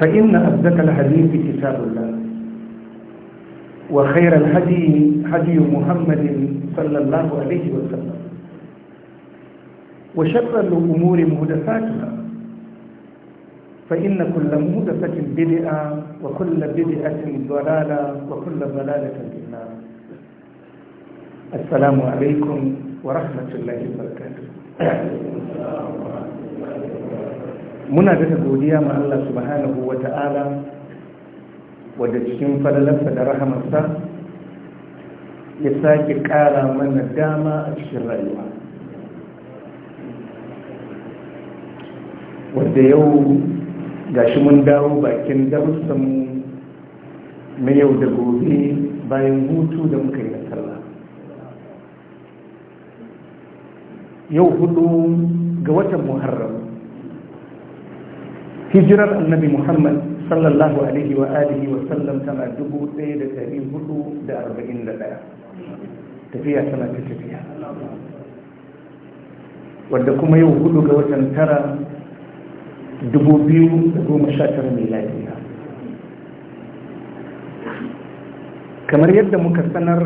فإن أبدك الحديث كتاب الله وخير الهدي هدي محمد صلى الله عليه وسلم وشر الأمور مهدفاتها فإن كل مهدفة بدعة وكل بدعة ضلالة وكل ضلالة في النار السلام عليكم ورحمة الله وبركاته muna daga godiya ma Allah subhanahu wa ta'ala wadda cikin falalarsa da rahamarsa ya sake ƙara mana dama a cikin rayuwa wadda yau gashi mun dawo bakin darussanmu na yau da gobe bayan hutu da muka yi nasara yau hudu ga watan muharram hijirar annabi muhammad sallallahu alaihi wa alihi wa sallam tana dubu ɗaya da ɗari hudu da arba'in da ɗaya tafiya tana ta tafiya wadda kuma yau hudu ga watan tara dubu biyu da goma sha tara mai lafiya kamar yadda muka sanar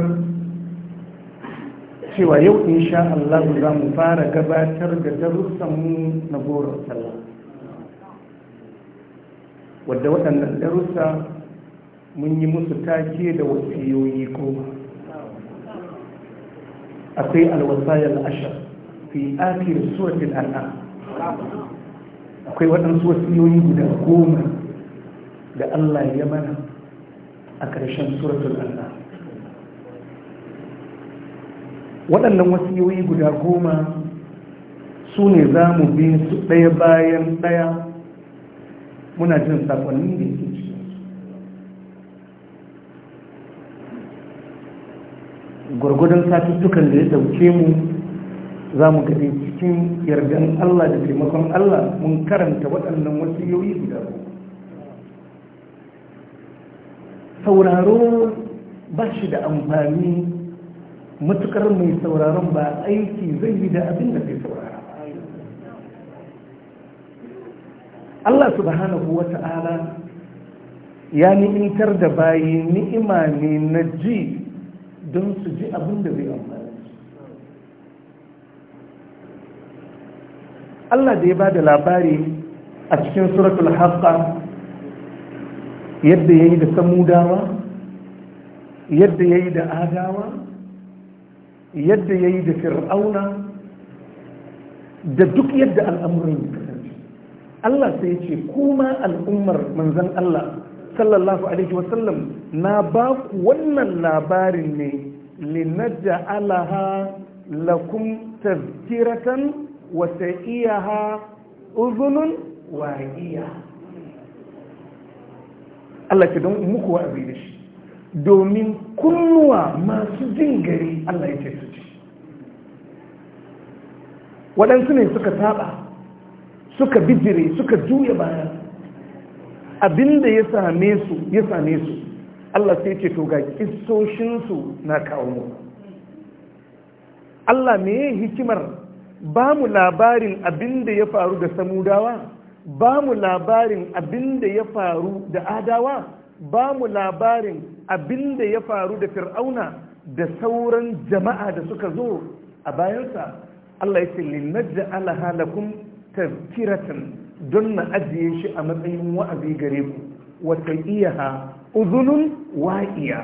cewa yau insha Allah za mu fara gabatar da darussanmu na goron sallah wadda waɗannan darussa mun yi musu take da wasiyoyi goma akwai alwasayar ashar fi akir suratul al'a akwai waɗansu wasiyoyi guda goma da Allah ya mana a ƙarshen suratul Allah. waɗannan wasiyoyi guda goma su ne za mu bi su ɗaya bayan ɗaya muna jin sakonnin da yake ciki gwargwadon satuttukan da ya dauke mu za mu gani cikin yardan Allah da taimakon Allah mun karanta waɗannan wasu wasiyoyi guda sauraro ba shi da amfani matukar mai sauraron ba aiki zai yi da abin da kai sauraro Allah subhanahu wa ta'ala ya ni'intar da bayi ni'ima ne na ji don su ji abin da zai amfani Allah da ya ba da labari a cikin suratul haqqa yadda ya yi da samudawa yadda ya yi da adawa yadda ya yi da fir'auna da duk yadda al'amuran Allah sai ce kuma al'ummar manzan Allah sallallahu alaihi wasallam na ba ku wannan labarin ne linaja alaha lakum tazkiratan wa sa'iyaha uzunun wa'iya Allah ke don muku wa da shi domin kunnuwa masu jin gari Allah ya ce su ci waɗansu ne suka taɓa. suka bijire suka juya baya abinda ya same su ya same su Allah sai ce to ga kissoshinsu na kawo mu Allah me hikimar ba mu labarin abin da ya faru da samudawa ba mu labarin abin ya faru da adawa ba mu labarin abinda ya faru da fir'auna da sauran jama'a da suka zo a bayansa Allah ya ce linnajja alhalakum tazkiratan don na ajiye shi a matsayin wa'azi gare ku wata iya uzunun wa'iya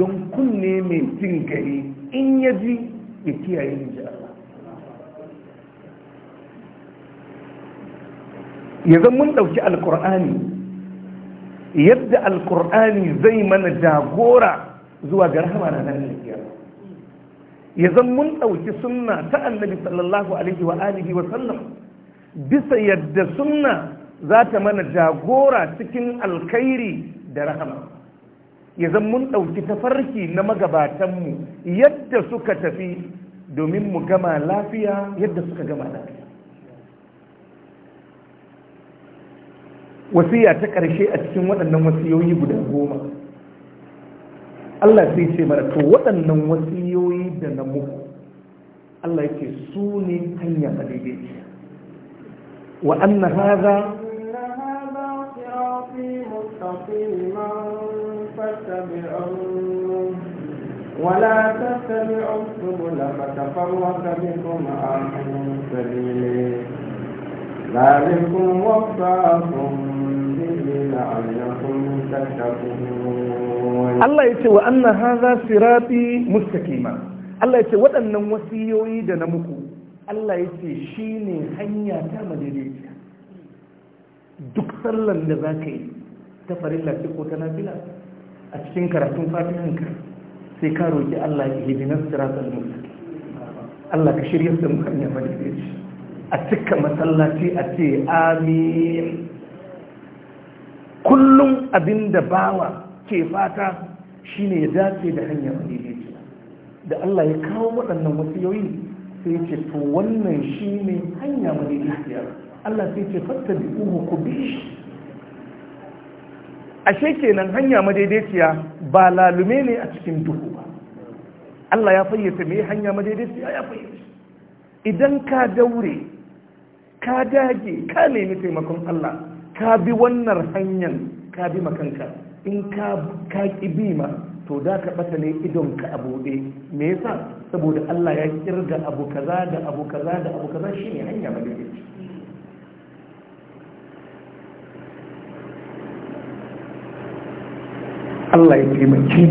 don kunne mai jin gari in ya ji ya kiyaye ji Allah ya zan mun ɗauki alkur'ani yadda alkur'ani zai mana jagora zuwa ga rahama na nan ya zan mun ɗauki sunna ta annabi sallallahu alaihi wa alihi wa sallam bisa yadda sunna za ta mana jagora cikin alkhairi da rahama ya zan mun ɗauki tafarki na magabatanmu yadda suka tafi domin mu gama lafiya yadda suka gama lafiya wasiya ta ƙarshe a cikin waɗannan wasiyoyi guda goma Allah sai ce mara to waɗannan wasiyoyi da na muku Allah yake su ne hanya a daidai وأن هذا ولا تتبعوا السبل فتفرق بكم عن سبيله ذلكم وصاكم به لعلكم تتقون الله يتي وأن هذا صراطي مستقيما الله يتي وأن وسيوي دنمكم Allah ya ce shi ne hanya ta madaidaiciya duk sallan da za ka yi ta farilla ce ko ta nafila a cikin karatun fatihanka sai ka roƙi Allah ya yi binar siratul mustaqim Allah ka shirya su mu hanya madaidaiciya a cika masallaci a ce amin kullum abinda bawa ke fata shi ne ya dace da hanya madaidaiciya da Allah ya kawo waɗannan wasu yoyi sai ce to wannan shi ne hanya mai gaskiya Allah sai ce fatta bi uhu ku bi shi ashe kenan hanya madaidaiciya ba lalume ne a cikin duhu ba Allah ya fayyace me hanya madaidaiciya ya fayyace idan ka daure ka dage ka nemi taimakon Allah ka bi wannan hanyar ka bi makanka in ka ka bi ma to da ka bata ne idon ka abude me yasa saboda Allah ya kirga abu kaza da abu kaza da abu kaza shi ne hanya madaidaici Allah ya taimaki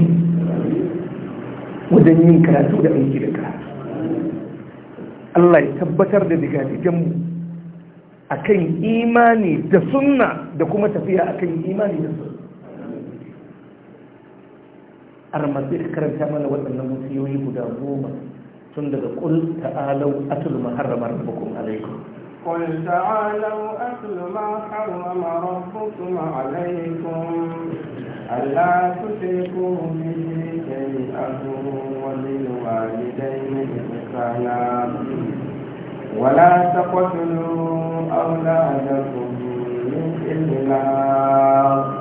wajen yin karatu da aiki da karatu Allah ya tabbatar da digadigenmu a kan imani da sunna da kuma tafiya a kan imani da sunna armazi karanta mana waɗannan musiyoyi guda goma tun daga kul ta'alau atul maharrama rabbukum alaikum قل تعالوا أكل ما حرم ربكم عليكم ألا تشركوا به شيئا وبالوالدين إحسانا ولا تقتلوا أولادكم من إلا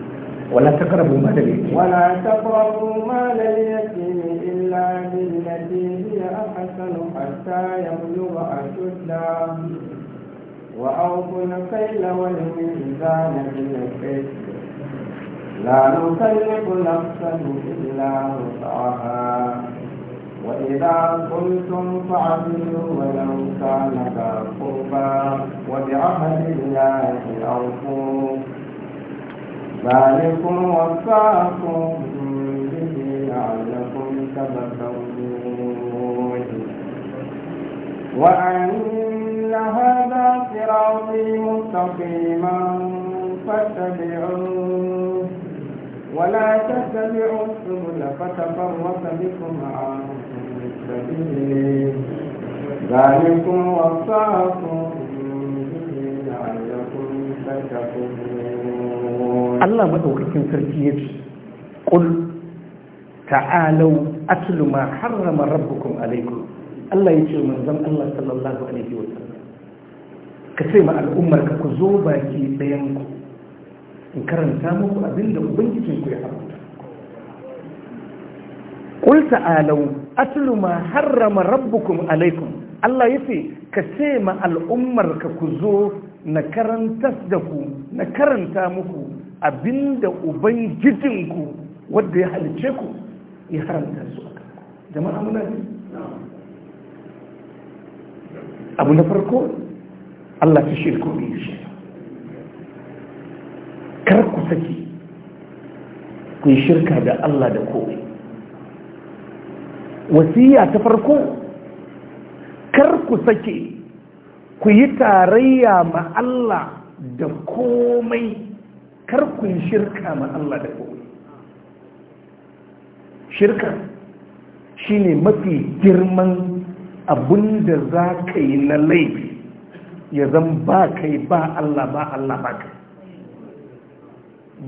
ولا تقربوا مال اليتيم ولا تقربوا مال اليتيم إلا بالتي هي أحسن حتى يبلغ أشده وأوفوا الكيل والميزان بالقسط لا نكلف نفسا إلا وسعها وإذا قلتم فعدلوا ولو كان ذا قربى وبعهد الله أوفوا ذلكم وفاكم به لعلكم تذكرون وأن هذا صراطي مستقيما فاتبعوه ولا تتبعوا السبل فتفرق بكم عن سبيله ذلكم وفاكم به لعلكم تتقون Allah maɗaukakin sarki yake qul ta'alau atlu ma harrama rabbukum alaykum Allah ya yace manzon Allah sallallahu alaihi wa sallam ka ce ma al'ummar ka ku zo baki ɗayan ku in karanta muku abinda ubangijin ku ya haramta qul ta'alau atlu ma harrama rabbukum alaykum Allah ya ce ka ce ma al'ummar ka ku zo na karantar da ku na karanta muku abinda ubangijinku wadda ya halice ku ya haramta su jama'a muna ne abu na farko Allah ta shirku ne shi kar ku saki ku yi shirka da Allah da komai wasiya ta farko kar ku saki, ku yi tarayya ma Allah da komai kar yi shirka ma Allah da ku shirka shi ne mafi girman abun da za ka yi na laifi ya zan ba kai ba Allah ba Allah ba kai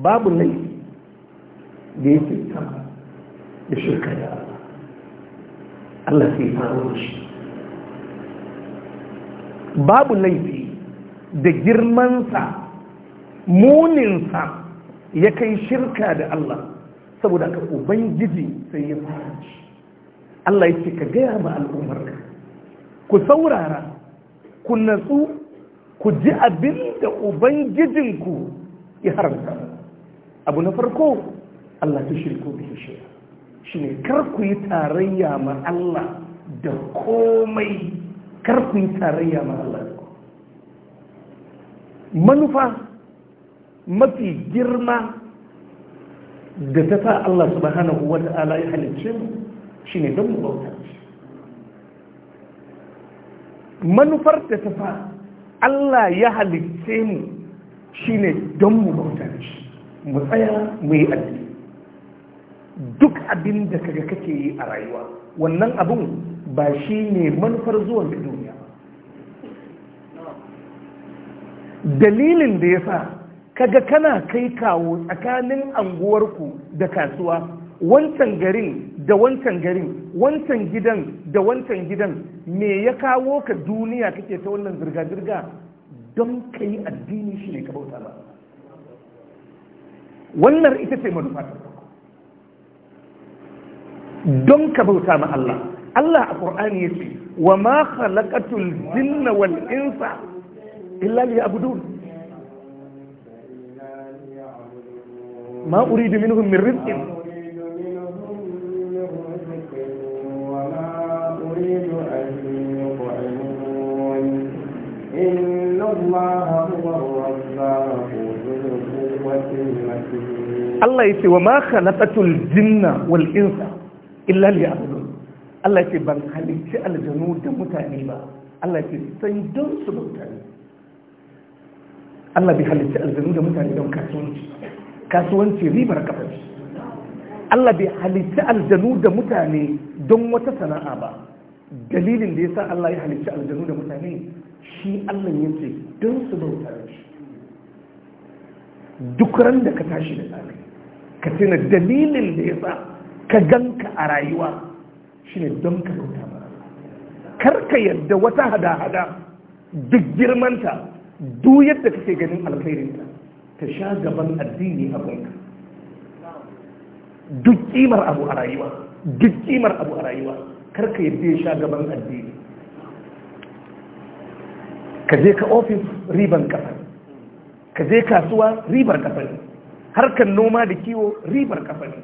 babu laifi da ya fi ta da shirka da Allah Allah sai faru shi babu laifi da girmansa muninsa ya kai shirka da Allah saboda ka ubangiji sai ya fara Allah ya ce ka gaya ma al'ummarka ku saurara ku natsu ku ji abin da ubangijinku ya haramta abu na farko Allah ta shirko bi shi shi ne kar ku yi tarayya ma Allah da komai kar ku yi tarayya ma Allah manufa mafi girma da ta sa Allah subhanahu wa ta'ala ya halicce mu shine don mu bauta manufar da ta sa Allah ya halicce mu shine don mu bauta shi mu tsaya mu yi addini duk abin da kaga kake yi a rayuwa wannan abin ba shi ne manufar zuwan da duniya dalilin da ya sa kaga kana kai kawo tsakanin anguwarku da kasuwa wancan garin da wancan garin wancan gidan da wancan gidan me ya kawo ka duniya kake ta wannan zirga-zirga don ka yi addini shi ne ka bauta ba wannan ita ce manufa don ka bauta ma Allah Allah a Qur'ani ya ce wa ma khalaqatul jinna wal insa illa liya'budun ما أريد منهم من رزق الله يسي وما خلقت الجن والإنس إلا ليعبدون الله يسي بان خليت الجنود متانيبا الله يسي سيدون سبب تاني الله بخليت الجنود متانيبا كاتونج kasuwanci ribar kafa Allah bai halitta aljanu da mutane don wata sana'a ba dalilin da ya sa Allah ya halitta aljanu da mutane shi Allah ya ce don su bauta shi duk ran da ka tashi da tsari ka tuna dalilin da ya sa ka ganka a rayuwa shi ne don ka bauta ba kar ka yarda wata hada-hada duk girmanta duk yadda kake ganin alkhairinta ka sha gaban addini kwanka duk kimar abu a rayuwa duk kimar abu a rayuwa karka yadda ya sha gaban addini ka je ka ofis riban kasar ka je kasuwa ribar kasar harkar noma da kiwo ribar kafa ne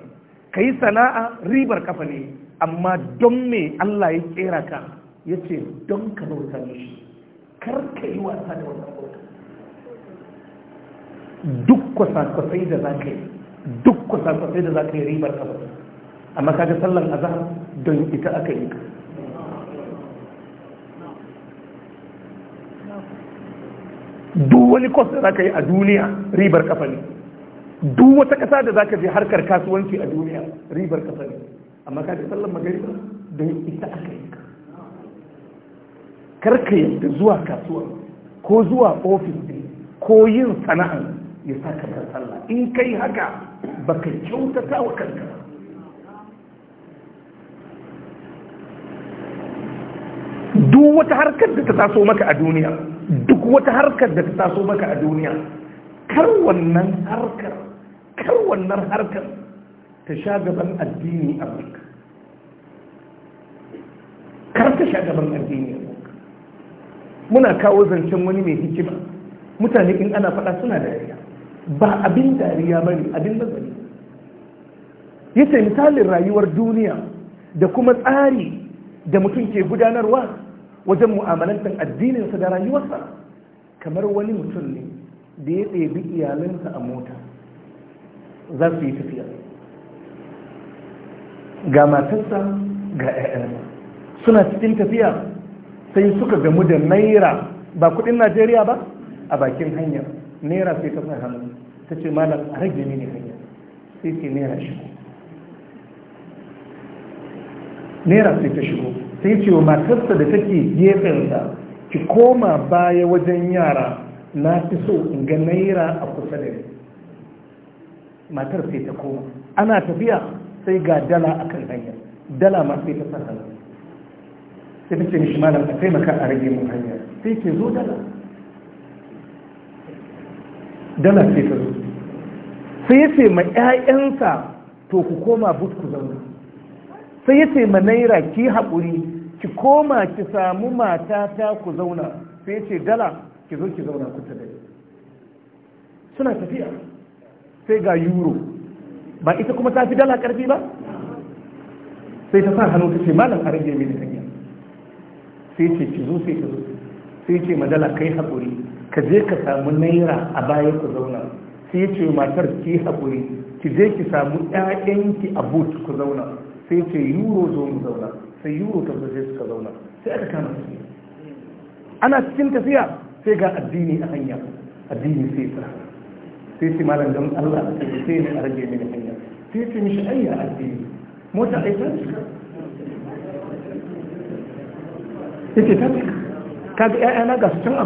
ka yi sana'a ribar kafa ne amma don me Allah ya kera ka ya ce don ka bauta mishi kar ka yi wasa da wannan bauta duk kwasa-kwasai da za ka yi duk kwasa-kwasai da za ka yi ribar ka amma kaga sallan azhar don ita aka yi duk wani kwas da za ka yi a duniya ribar kafa ne duk wata kasa da za ka je harkar kasuwanci a duniya ribar kafa ne amma kaga sallan magariba don ita aka yi karka yadda zuwa kasuwa ko zuwa ofis ko yin sana'a ya saka ka sallah in kai haka baka kyautata wa kanka duk wata harkar da ta taso maka a duniya duk wata harkar da ta taso maka a duniya kar wannan harkar kar wannan harkar ta sha gaban addini a maka kar ta sha gaban addini a maka muna kawo zancen wani mai hikima mutane in ana faɗa suna da yi ba abin dariya ba ne abin nazari ya ce misalin rayuwar duniya da kuma tsari da mutum ke gudanarwa wajen mu'amalantar addininsa da rayuwarsa kamar wani mutum ne da ya ɗebi iyalinsa a mota za su yi tafiya ga matarsa ga 'ya'yansa suna cikin tafiya sai suka gamu da naira ba kuɗin najeriya ba a bakin hanyar naira sai ta sa hannu ta ce malam a rage mini hanya sai ce naira shigo naira sai ta shigo sai ce wa matarsa da take gefensa ki koma baya wajen yara na fi so in ga naira a kusa da ni matar sai ta koma ana tafiya sai ga dala a kan hanyar dala ma sai ta sa hannu sai ta ce mishi malam a taimaka a rage mun hanya sai ke zo dala dala ce ta zo sai ya ce ma 'ya'yansa to ku koma but ku zauna sai ya ce ma naira ki haƙuri ki koma ki samu mata ta ku zauna sai ya ce dala ki zo ki zauna ku tare suna tafiya sai ga euro ba ita kuma ta fi dala ƙarfi ba sai ta sa hannu ta ce malam a rage mini hanya sai ce ki zo sai ta zo sai ce ma dala kai haƙuri ka je ka samu naira a baya ku zauna sai ce matar ki haƙuri ki je ki samu ƴaƴanki a but ku zauna sai ce euro zo mu zauna sai euro ta zaje suka zauna sai aka kama su ana cikin tafiya sai ga addini a hanya addini sai sa sai ce malam don Allah a cikin sai ne a rage mini hanya sai ce mishi ayya addini mota aika yake ta cika kaga ƴaƴana ga su can a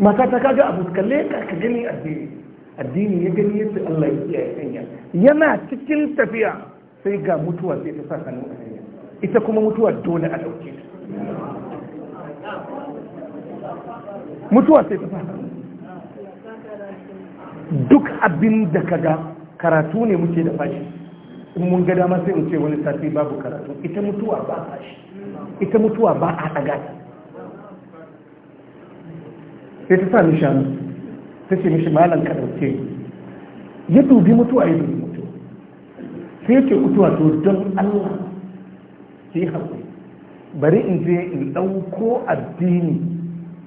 mata ta kaga abu fuskalle ka ka gani addini addini ya gani yadda Allah ya yi sanya yana cikin tafiya sai ga mutuwa sai ta sa hannu a hanya ita kuma mutuwa dole a dauke ta mutuwa sai ta sa duk abin da kaga karatu ne muke da fashi in mun ga dama sai mu ce wani sati babu karatu ita mutuwa ba a shi ita mutuwa ba a ɗaga ta sai ta sa mishi hannu ta ce mishi malam ka ɗauke ya dubi mutuwa ya dubi mutu. sai ya ce mutuwa to don allah ki haƙuri bari in je in ɗauko addini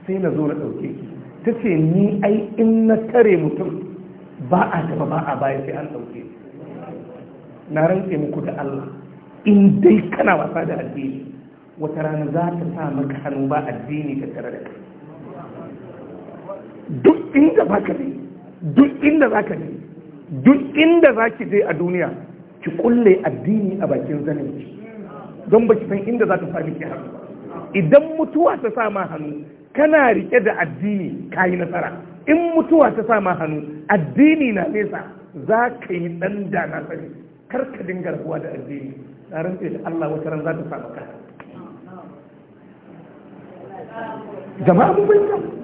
sai na zo na ɗauke ki ta ce ni ai in na tare mutum ba a taɓa ba a baya sai an ɗauke na rantse muku da allah in dai kana wasa da addini wata rana za ta sa maka hannu ba addini ta tare da kai duk inda za ka je duk inda za ka nemi duk inda za ki je a duniya ki kulle addini a bakin zanen ki don ki san inda za ta sami ki hannu idan mutuwa ta sa ma hannu kana rike da addini ka yi nasara in mutuwa ta sa ma hannu addini na nesa za ka yi dan da na sani kar ka dinga rabuwa da addini na rantse da Allah wata ran za ta sa maka jama'a mun bayyana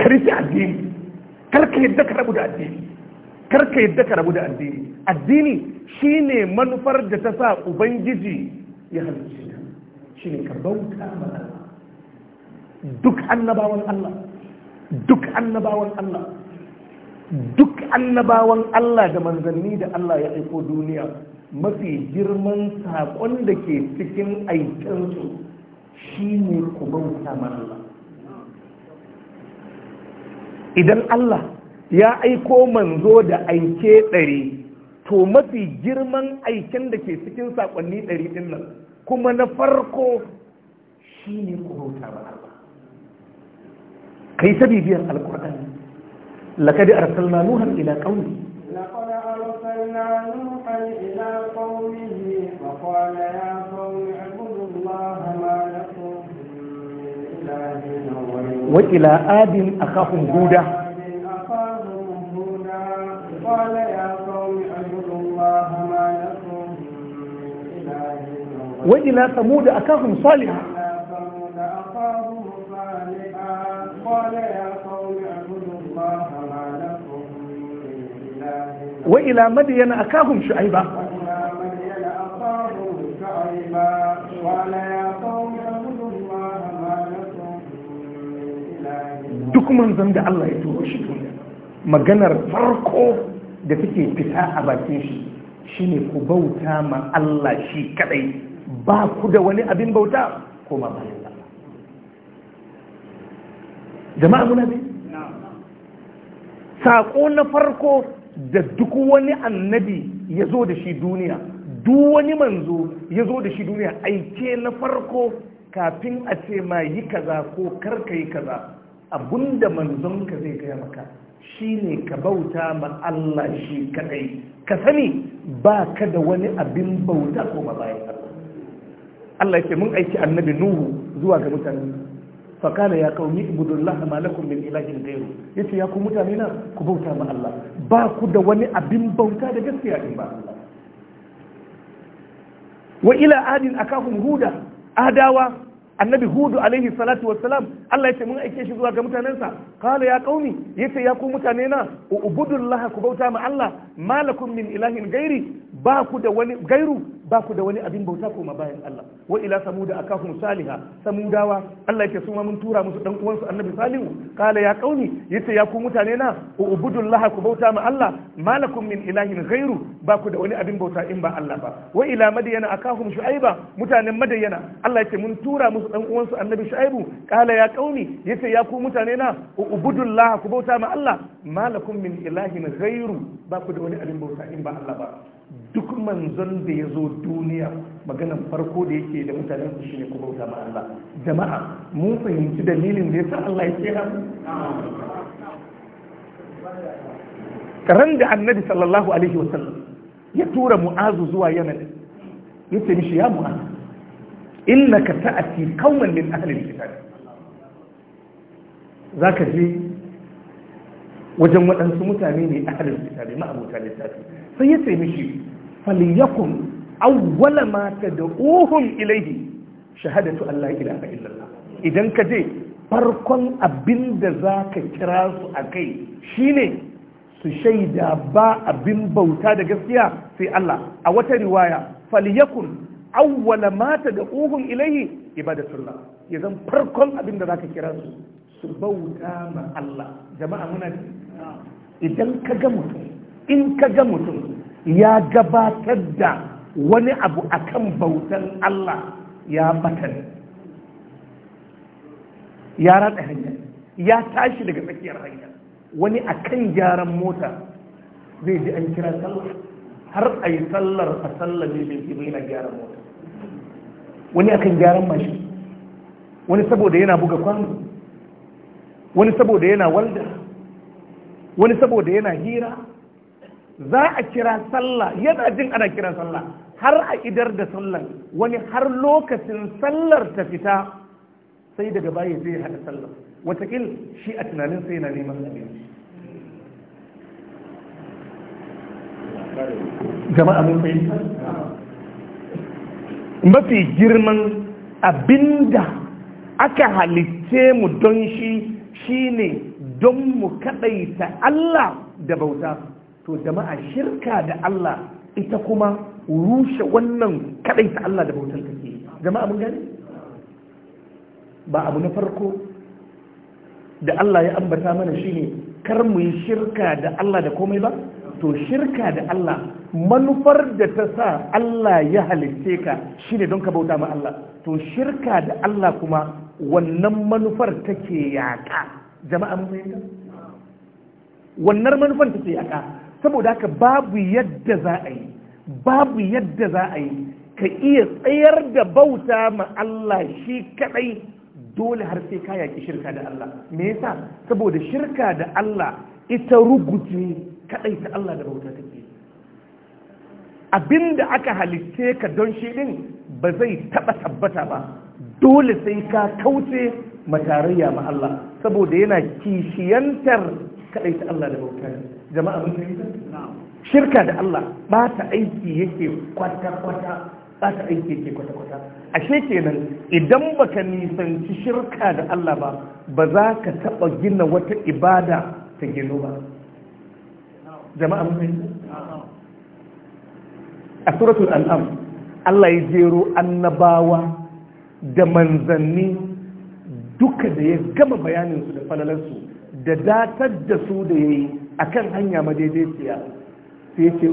karfi addini kar yadda ka rabu da addini kar yadda ka rabu da addini addini shine manufar da ta sa ubangiji ya halitta shine ka bauta ma duk annabawan Allah duk annabawan Allah duk annabawan Allah da manzanni da Allah ya aiko duniya mafi girman saƙon da ke cikin aikinsu shi ne ku bauta ma Allah idan Allah ya aiko manzo da aike ɗari to mafi girman aiken da ke cikin saƙonni ɗari ɗin nan kuma na farko shi ne kurota ba Allah kai ta bibiyar alƙur'ani لقد أرسلنا نوحا إلى قومه لقد أرسلنا ila wa ila adin akhahum huda wa ila samud akhahum salih وإلى مدين أكاهم شعيبا duk manzan da Allah ya turo shi duniya maganar farko da take fita a bakin shi shine ku bauta ma Allah shi kadai ba ku da wani abin bauta ko ma bayan Allah jama'a muna bi sako na farko da duk wani annabi ya zo da shi duniya duk wani manzo ya zo da shi duniya aike na farko kafin a ce ma yi kaza ko karka yi kaza abinda manzonka zai gaya maka shine ka bauta ma Allah shi kadai ka sani ba ka da wani abin bauta ko bayan Allah Allah yake mun aiki annabi Nuhu zuwa ga mutane fa kana ya qaumi ibudullah ma lakum min ilahin ghayru yace ya ku mutane na ku bauta ma Allah ba ku da wani abin bauta da gaskiya din ba Allah wa ila adin akahum huda adawa annabi hudu alaihi salatu wassalam Allah ya ce mun aike shi zuwa ga mutanensa qala ya ya yace ya ku mutane na ubudullaha ku bauta ma Allah malakum min ilahin gairi ba ku da wani gairu ba ku da wani abin bauta koma bayan Allah wa ila samuda akahum saliha samudawa Allah yake suma mun tura musu dan uwansu annabi salihu kala ya kauni yace ya ku mutane na ubudullaha ku bauta ma Allah malakum min ilahin gairu ba ku da wani abin bauta in ba Allah ba wa ila madyana akahum shuaiba mutanen madyana Allah yake mun tura musu dan uwansu annabi shuaibu kala ya kauni yace ya ku mutane na ubudullaha ku bauta ma Allah malakum min ilahin gairu ba ku da wani abin bauta in ba Allah ba duk manzon da ya zo duniya maganan farko da yake da mutanen su shine kuma bauta ma Allah jama'a mun fahimci dalilin da yasa Allah ya kira mu karan da annabi sallallahu alaihi wa sallam ya tura mu'azu zuwa yaman yace mishi ya mu'azu innaka ta'ti qauman min ahli al-kitab zaka je wajen waɗansu mutane ne ahalin littafi ma'abuta littafi sai ya ce mishi faliyakun awwala ma uhun ilaihi shahadatu Allah ilaha illallah idan ka je farkon abin da za ka kira su a kai shine su shaida ba abin bauta da gaskiya sai Allah a wata riwaya faliyakun awwala mata da uhun ilaihi ibadatullah ya zan farkon abin da za ka kira su su bauta ma Allah jama'a muna idan ka ga mutum in ka ga mutum ya gabatar da wani abu akan bautan Allah ya batar ya rada hanyar, ya tashi daga tsakiyar hanya wani a kan gyaran mota zai ji an kira sallah har a yi sallar a sallar ne bai yana gyaran mota wani a kan gyaran mashin wani saboda yana buga kwano wani saboda yana walda wani saboda yana hira za a kira sallah yana jin ana kira sallah har a idar da sallah wani har lokacin sallar ta fita sai daga baya zai hada sallar watakil shi a tunanin sai na neman sallah jama'a mun fahimta mafi girman abinda aka halitce mu don shi shine don mu kadaita Allah da bauta to jama'a shirka da Allah ita kuma rushe wannan kadai Allah da bautar take jama'a mun gane ba abu na farko da Allah ya ambata mana shine kar mu yi shirka da Allah da komai ba to shirka da Allah manufar da ta sa Allah ya halitte ka shine don ka bauta ma Allah to shirka da Allah kuma wannan manufar take yaka jama'a mun fahimta wannan manufar take yaka saboda haka babu yadda za a yi babu yadda za a yi ka iya tsayar da bauta ma Allah shi kadai dole har sai ka yaki shirka da Allah me yasa saboda shirka da Allah ita ruguje kadai ta Allah da bauta take abinda aka halitte ka don shi din ba zai taba tabbata ba dole sai ka kauce matarayya ma Allah saboda yana kishiyantar kadai ta Allah da bauta jama'a mun fahimta shirka da Allah ba ta aiki yake kwata-kwata ba ta aiki yake kwata-kwata ashe kenan idan baka nisanci shirka da Allah ba ba za ka taɓa gina wata ibada ta gino ba jama'a mun fahimta a suratul an'am Allah ya jero annabawa da manzanni duka da ya gama bayaninsu da falalarsu da datar da su da ya yi akan hanya madaidaiciya sai ya ce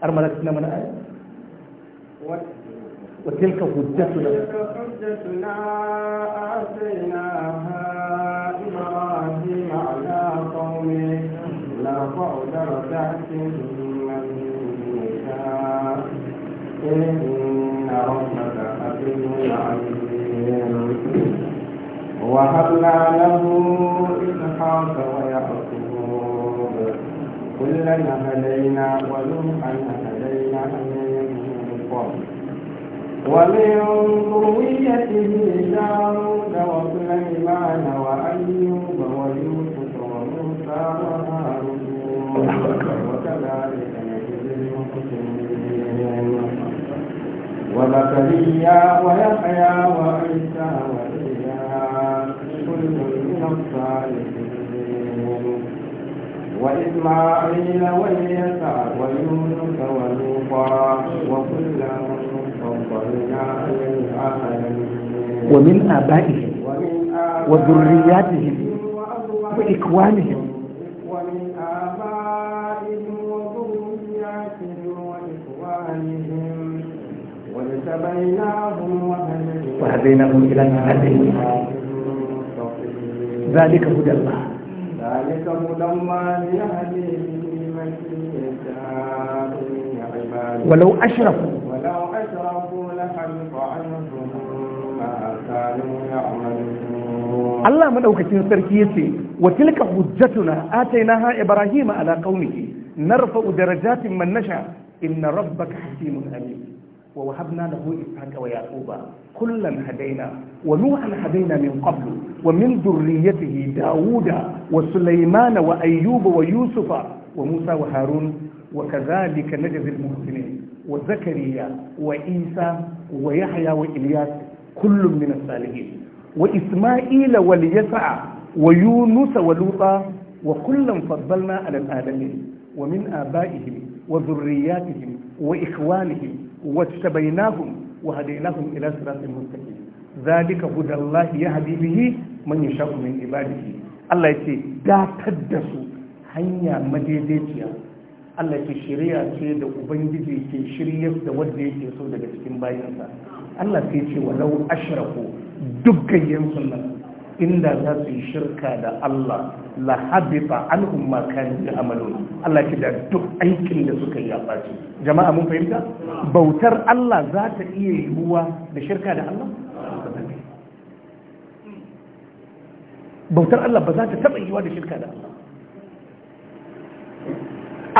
har malaka na mana aya وتلك حجتنا حجتنا آتيناها إبراهيم على قومه لا بعد رجعت إن ربك حكيم عليم وهبنا له إسحاق ويعقوب كلا هدينا ولوحا هدينا ومن ذريته داود وسليمان وأيوب ويوسف وموسى وهارون وكذلك نجزي المحسنين وزكريا ويحيى وعيسى وإبراهيم وإسماعيل واليسع ويونس ولوطا وكلا فضلنا للعالمين العالمين ومن آبائهم وذرياتهم وإخوانهم ومن آبائهم وذرياتهم وإخوانهم واجتبيناهم وهديناهم إلى الهدي ذلك هدى الله ذلك هدى الله يهدي به من يشاء ولو أشرفوا ولو أشرفوا لحلق عنهم ما كانوا يعملون Allah madaukakin sarki ya ce, wa tilka hujjatuna atainaha Ibrahim ala qaumihi narfa'u darajatin man nasha inna rabbaka hakimun alim ووهبنا له إسحاق ويعقوب كلا هدينا ونوحا هدينا من قبل ومن ذريته داود وسليمان وأيوب ويوسف وموسى وهارون وكذلك نجزي المحسنين وزكريا وعيسى ويحيى وإلياس كل من الصالحين وإسماعيل واليسع ويونس ولوطا وكلا فضلنا على العالمين ومن آبائهم وذرياتهم وإخوانهم واجتبيناهم وهديناهم إلى صراط مستقيم ذلك هدى الله يهدي به من يشاء من عباده الله يتي دا تدسو هنيا مديديتيا Allah ke shirya ce da Ubangiji ke shiryar da wanda yake so daga cikin bayansa. Allah sai ce walau ashraku dukkan yansun nan inda za su yi shirka da Allah la habita an umma kan da amalun Allah ki da duk aikin da suka yi a ɓaci jama'a mun fahimta bautar Allah za ta iya yiwuwa da shirka da Allah bautar Allah ba za ta taɓa yiwuwa da shirka da Allah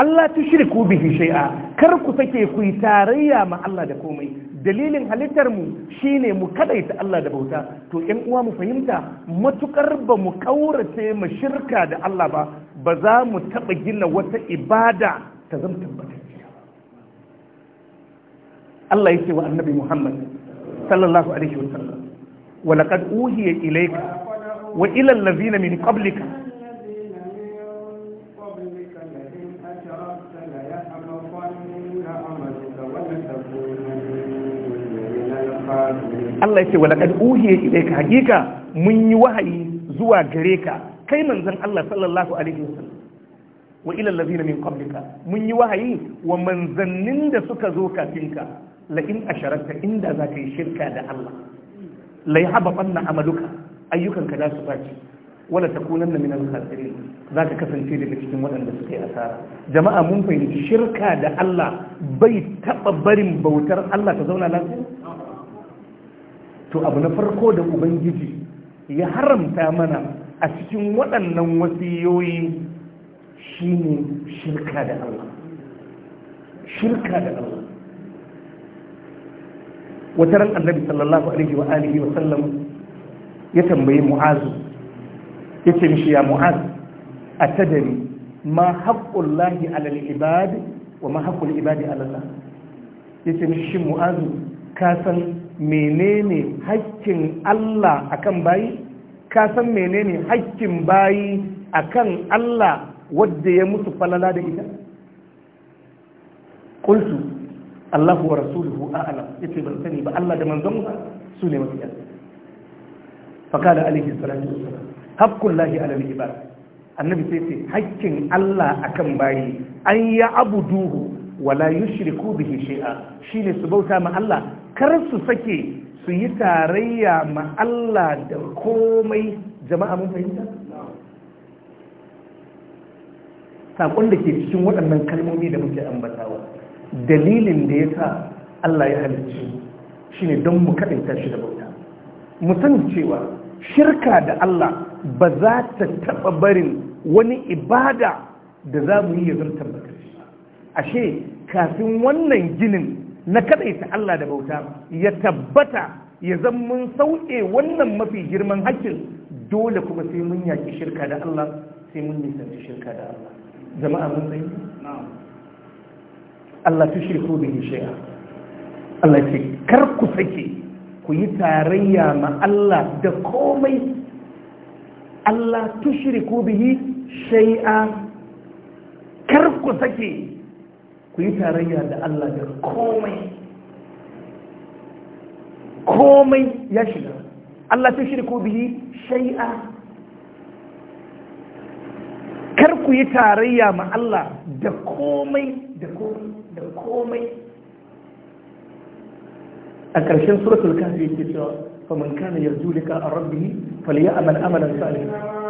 Allah ta shirku bihi shai'a kar ku sake ku yi tarayya ma Allah da komai dalilin halittar mu shine mu kadaita Allah da bauta to ƴan uwa mu fahimta matukar ba mu kaurace mu shirka da Allah ba ba za mu taba gina wata ibada ta zama tabbata Allah ce wa annabi Muhammad sallallahu alaihi wasallam wa laqad uhiya ilayka wa ila allazina min qablika Allah ya ce walaqad uhiya ilayka hakika mun yi wahayi zuwa gare ka kai manzon Allah sallallahu alaihi wasallam wa ila allazina min qablika mun yi wahayi wa manzannin da suka zo kafin ka la in asharakta inda za ka yi shirka da Allah la yahbatanna amaluka ayyukanka da su baci wala takunanna min al-khasirin ka kasance daga cikin waɗanda suka yi asara jama'a mun fahimci shirka da Allah bai taɓa barin bautar Allah ta zauna lafiya to abu na farko da ubangiji ya haramta mana a cikin waɗannan wasiyoyi shine shirka da Allah shirka da Allah wata ran annabi sallallahu alaihi wa alihi wa sallam ya tambayi mu'azu ya ce mishi ya mu'azu a tadari ma haƙƙun lahi alal ibadi wa ma haƙƙun ibadi alalla ya ce mishi mu'azu ka san menene haƙƙin Allah akan bayi ka san menene haƙƙin bayi akan Allah wadda ya musu falala da ita qultu Allahu wa rasuluhu a'lam yace ban sani ba Allah da manzon su ne mafi yasa faqala alayhi salatu wassalam lahi ala al-ibad annabi sai ce haƙƙin Allah akan bayi an ya abuduhu wala yushriku bihi shay'a shine su bauta ma Allah kar su sake su yi tarayya ma Allah da komai jama'a mun fahimta Saƙon da ke cikin waɗannan kalmomi da muke ambatawa dalilin da ya sa Allah ya halicci shine don mu kaɗaita shi da bauta mu san cewa shirka da Allah ba za ta taɓa barin wani ibada da za mu yi ya zartar da ashe kafin wannan ginin na kadaita Allah da bauta ya tabbata ya mun sauke wannan mafi girman hakkin dole kuma sai mun yaki shirka da Allah sai mun nisanci shirka da Allah jama'a mun sai Allah ta shirku da shay'a Allah ce kar ku sake ku yi tarayya ma Allah da komai Allah tushriku bihi shay'a kar ku sake ku yi tarayya da Allah da komai komai ya shiga Allah ta shirko bihi shai'a kar ku yi tarayya ma Allah da komai da komai da komai a ƙarshen suratul kafir ke cewa faman kana yarju lika rabbihi falyamal amalan salihan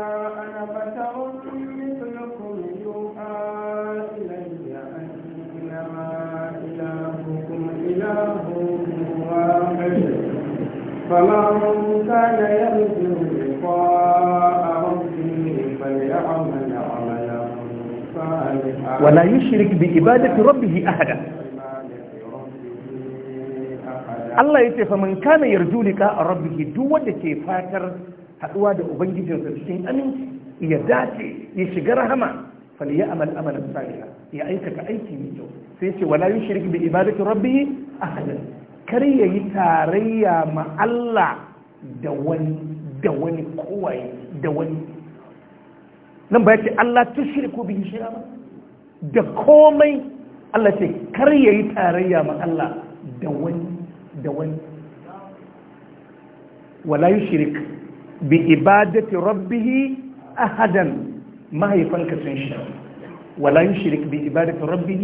فمن كان يرجو لقاء ربه فليعمل عملا صالحا ولا يشرك بعبادة ربه أحدا Allah ya ce fa man kana yarju a rabbihi duk wanda ke fatar haduwa da ubangijinsa cikin aminci ya dace ya shiga rahama falyamal amalan salih ya aikata aiki mai kyau sai ce wala yushrik bi ibadati rabbih ahadan kar ya yi tarayya ma Allah da wani da wani kowaye da wani nan ba ya ce Allah ko bihi shay'a ba da komai Allah ce kar ya yi tarayya ma Allah da wani da wani wala yushrik bi ibadati rabbih ahadan mahaifanka sun shiga wala yushrik bi ibadati rabbih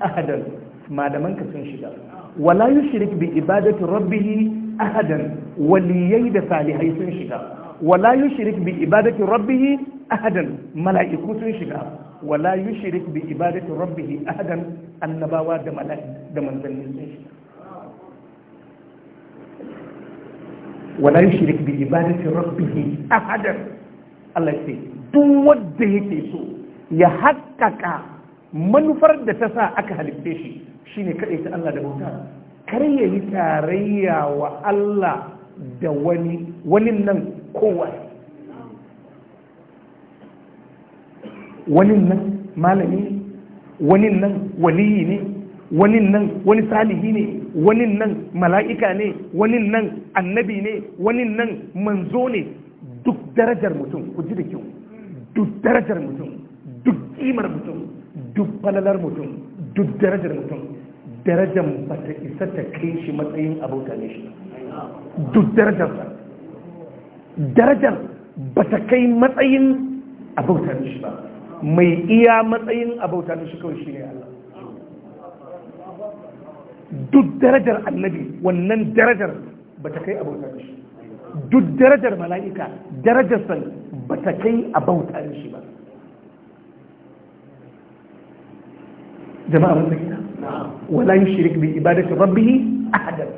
ahadan malamanka sun shiga wala yushrik bi ibadati rabbih ahadan waliyai da salihai sun shiga wala yushrik bi ibadati rabbih ahadan mala'iku sun shiga wala yushrik bi ibadati rabbih ahadan annabawa da mala'iku da manzanni sun shiga wala yushrik bi ibadati rabbih ahadan Allah ce duk wanda yake so ya haƙƙaƙa manufar da ta sa aka halitte shi shi kaɗai ta Allah da bauta kar ya yi tarayya wa Allah da wani wani nan kowa wani nan malami wani nan waliyi ne wani nan wani salihi ne wani nan mala'ika ne wani nan annabi ne wani nan manzo ne duk darajar mutum ku ji da kyau duk darajar mutum duk kimar mutum duk falalar mutum duk darajar mutum darajar ba ta isa ta kai shi matsayin abota ne shi duk darajar darajar ba ta kai matsayin abota ne shi ba mai iya matsayin abota ne shi kawai shi ne Allah duk darajar annabi wannan darajar ba ta kai abota ne shi duk darajar mala'ika darajar san ba ta kai abota ne shi ba jama'a mun wala shirik bi ibadatu rabbih ahadan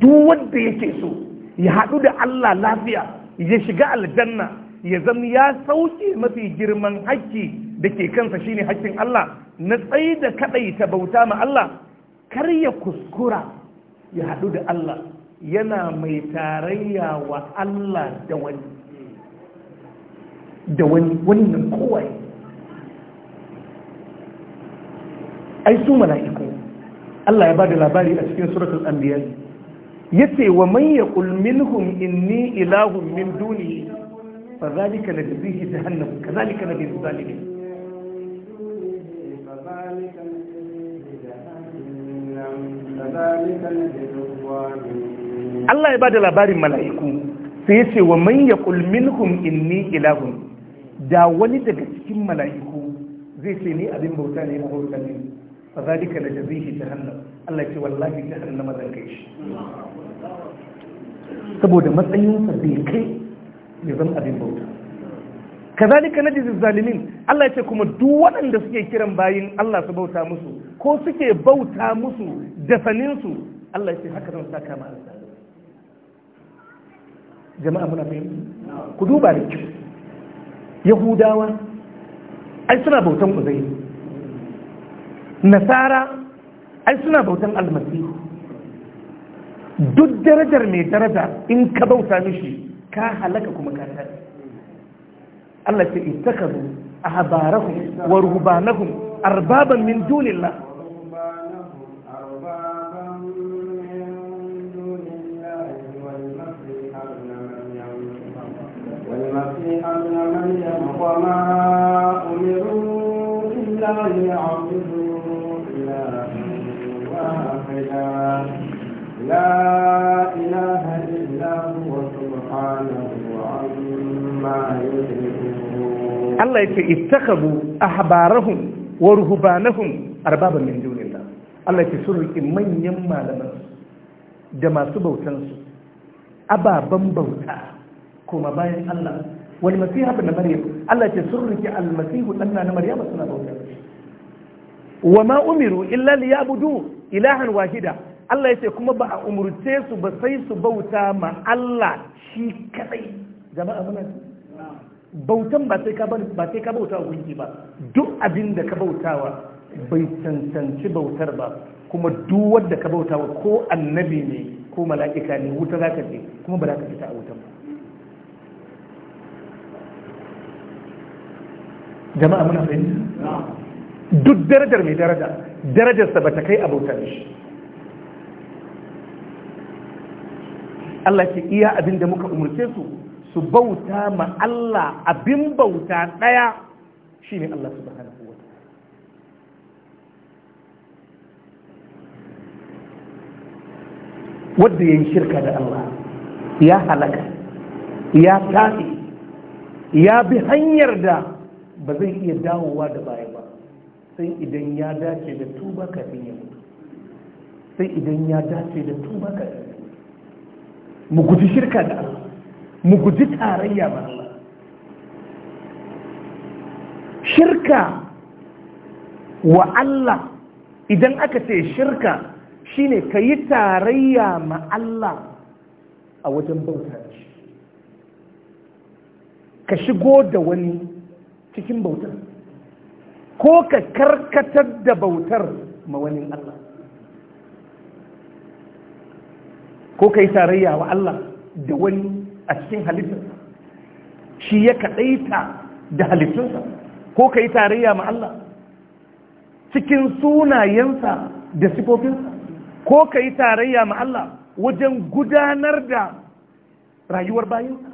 duk wanda yake so ya haɗu da Allah lafiya ya shiga aljanna ya zama ya sauke mafi girman hakki da ke kansa shine hakkin Allah na tsayi da kadai ta bauta ma Allah kar ya kuskura ya haɗu da Allah yana mai tarayya wa Allah da wani da wani wannan ai su mala'iku Allah ya ba da labari a cikin suratul anbiya yace wa man yaqul minhum inni ilahun min duni fa zalika najzihi jahannam kadhalika najzi zalimin Allah ya ba da labarin mala'iku sai yace wa man yaqul minhum inni ilahun da wani daga cikin mala'iku zai ce ni abin bauta ne na bauta ne fazalika da la jazihi jahannam Allah ce wallahi jahannama zan kai shi saboda matsayinsa bai kai ya zama abin bauta kazalika na jizi zalimin Allah ce kuma duk waɗanda suke kiran bayin Allah su bauta musu ko suke bauta musu dafaninsu Allah ce haka zan saka ma jama'a muna fahimta ku duba da kyau yahudawa ai suna bautan uzairu nasara ai suna bautan almasihu duk darajar mai daraja in ka bauta mishi ka halaka kuma ka tare Allah ce ittakazu ahbarahum wa ruhbanahum arbaban min dunillah والمسيح ابن مريم وما أمروا إلا ليعبدوا لا إله إلا هو سبحانه عما يشركون الله اتخذوا أحبارهم ورهبانهم أربابا من دون الله Allah ya sun riƙe manyan malaman da masu bautansu ababen bauta kuma bayan Allah wani masu yafi na Maryam Allah ya sun riƙe almasihu ɗanna na Maryam suna bauta wa ma umiru illa liyabudu ilahan wahida Allah ya ce kuma ba a umurce su ba sai su bauta ma Allah shi kadai jama'a muna bautan ba sai ka ba sai ka bauta gunki ba duk abin da ka bautawa bai cancanci bautar ba kuma duk wanda ka bautawa ko annabi ne ko mala'ika ne wuta zaka je kuma ba za ka fita a wutan ba jama'a muna fahimta duk darajar mai daraja darajarsa ba ta kai abautar shi Allah ce iya abin da muka umarce su su bauta ma Allah abin bauta ɗaya shi ne Allah subhanahu wa wadda ya yi shirka da Allah ya halaka ya tafi ya bi hanyar da ba zai iya dawowa da baya ba sai idan ya dace da tuba kafin ya mutu sai idan ya dace da tuba kafin mu guji shirka da mu guji tarayya ba shirka wa Allah idan aka ce shirka shine ka yi tarayya ma Allah a wajen bauta shi ka shigo da wani cikin bautar ko ka karkatar da bautar ma wani Allah ko ka tarayya wa Allah da wani a cikin halittar shi ya kaɗaita da halittunsa ko ka tarayya ma Allah cikin sunayensa da sifofinsa ko ka tarayya ma Allah wajen gudanar da rayuwar bayansa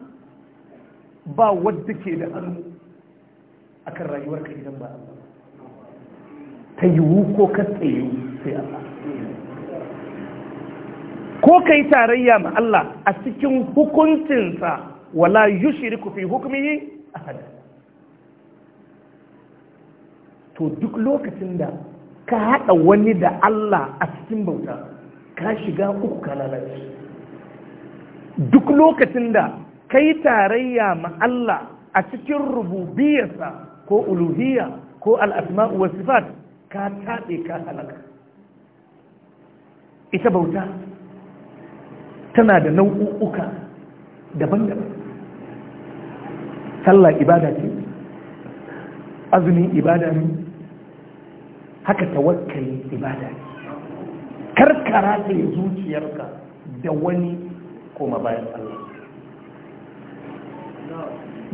ba wadda ke da hannu akan rayuwarka idan ba Allah ta yiwu ko ka tsaye sai Allah ko ka yi tarayya ma Allah a cikin hukuncinsa wala yushriku fi a hada to duk lokacin da ka haɗa wani da Allah a cikin bauta ka shiga uku ka duk lokacin da ka yi tarayya ma Allah a cikin rububiyarsa ko uluhiyya ko al'asma'u wasu sifat ka taɓe ka halaka ita bauta tana da nau'uka daban-daban sallah ibada ce azumin ibada ne haka tawakkali ibada ne karkara ta zuciyarka da wani koma bayan Allah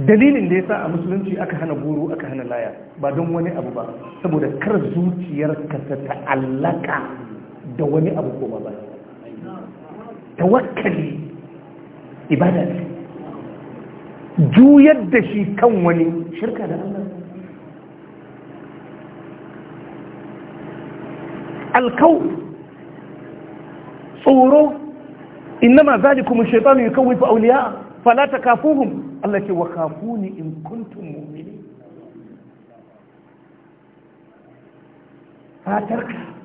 dalilin da ya sa a musulunci aka hana goro aka hana laya ba don wani abu ba saboda kar zuciyarka ta ta'allaka da wani abu koma bayan توكلي ابادتي يد شي كوني شركه لا الكون صوره انما ذلكم الشيطان يكوف اولياء فلا تكافوهم الله يقول وخافوني ان كنتم مؤمنين فاتركها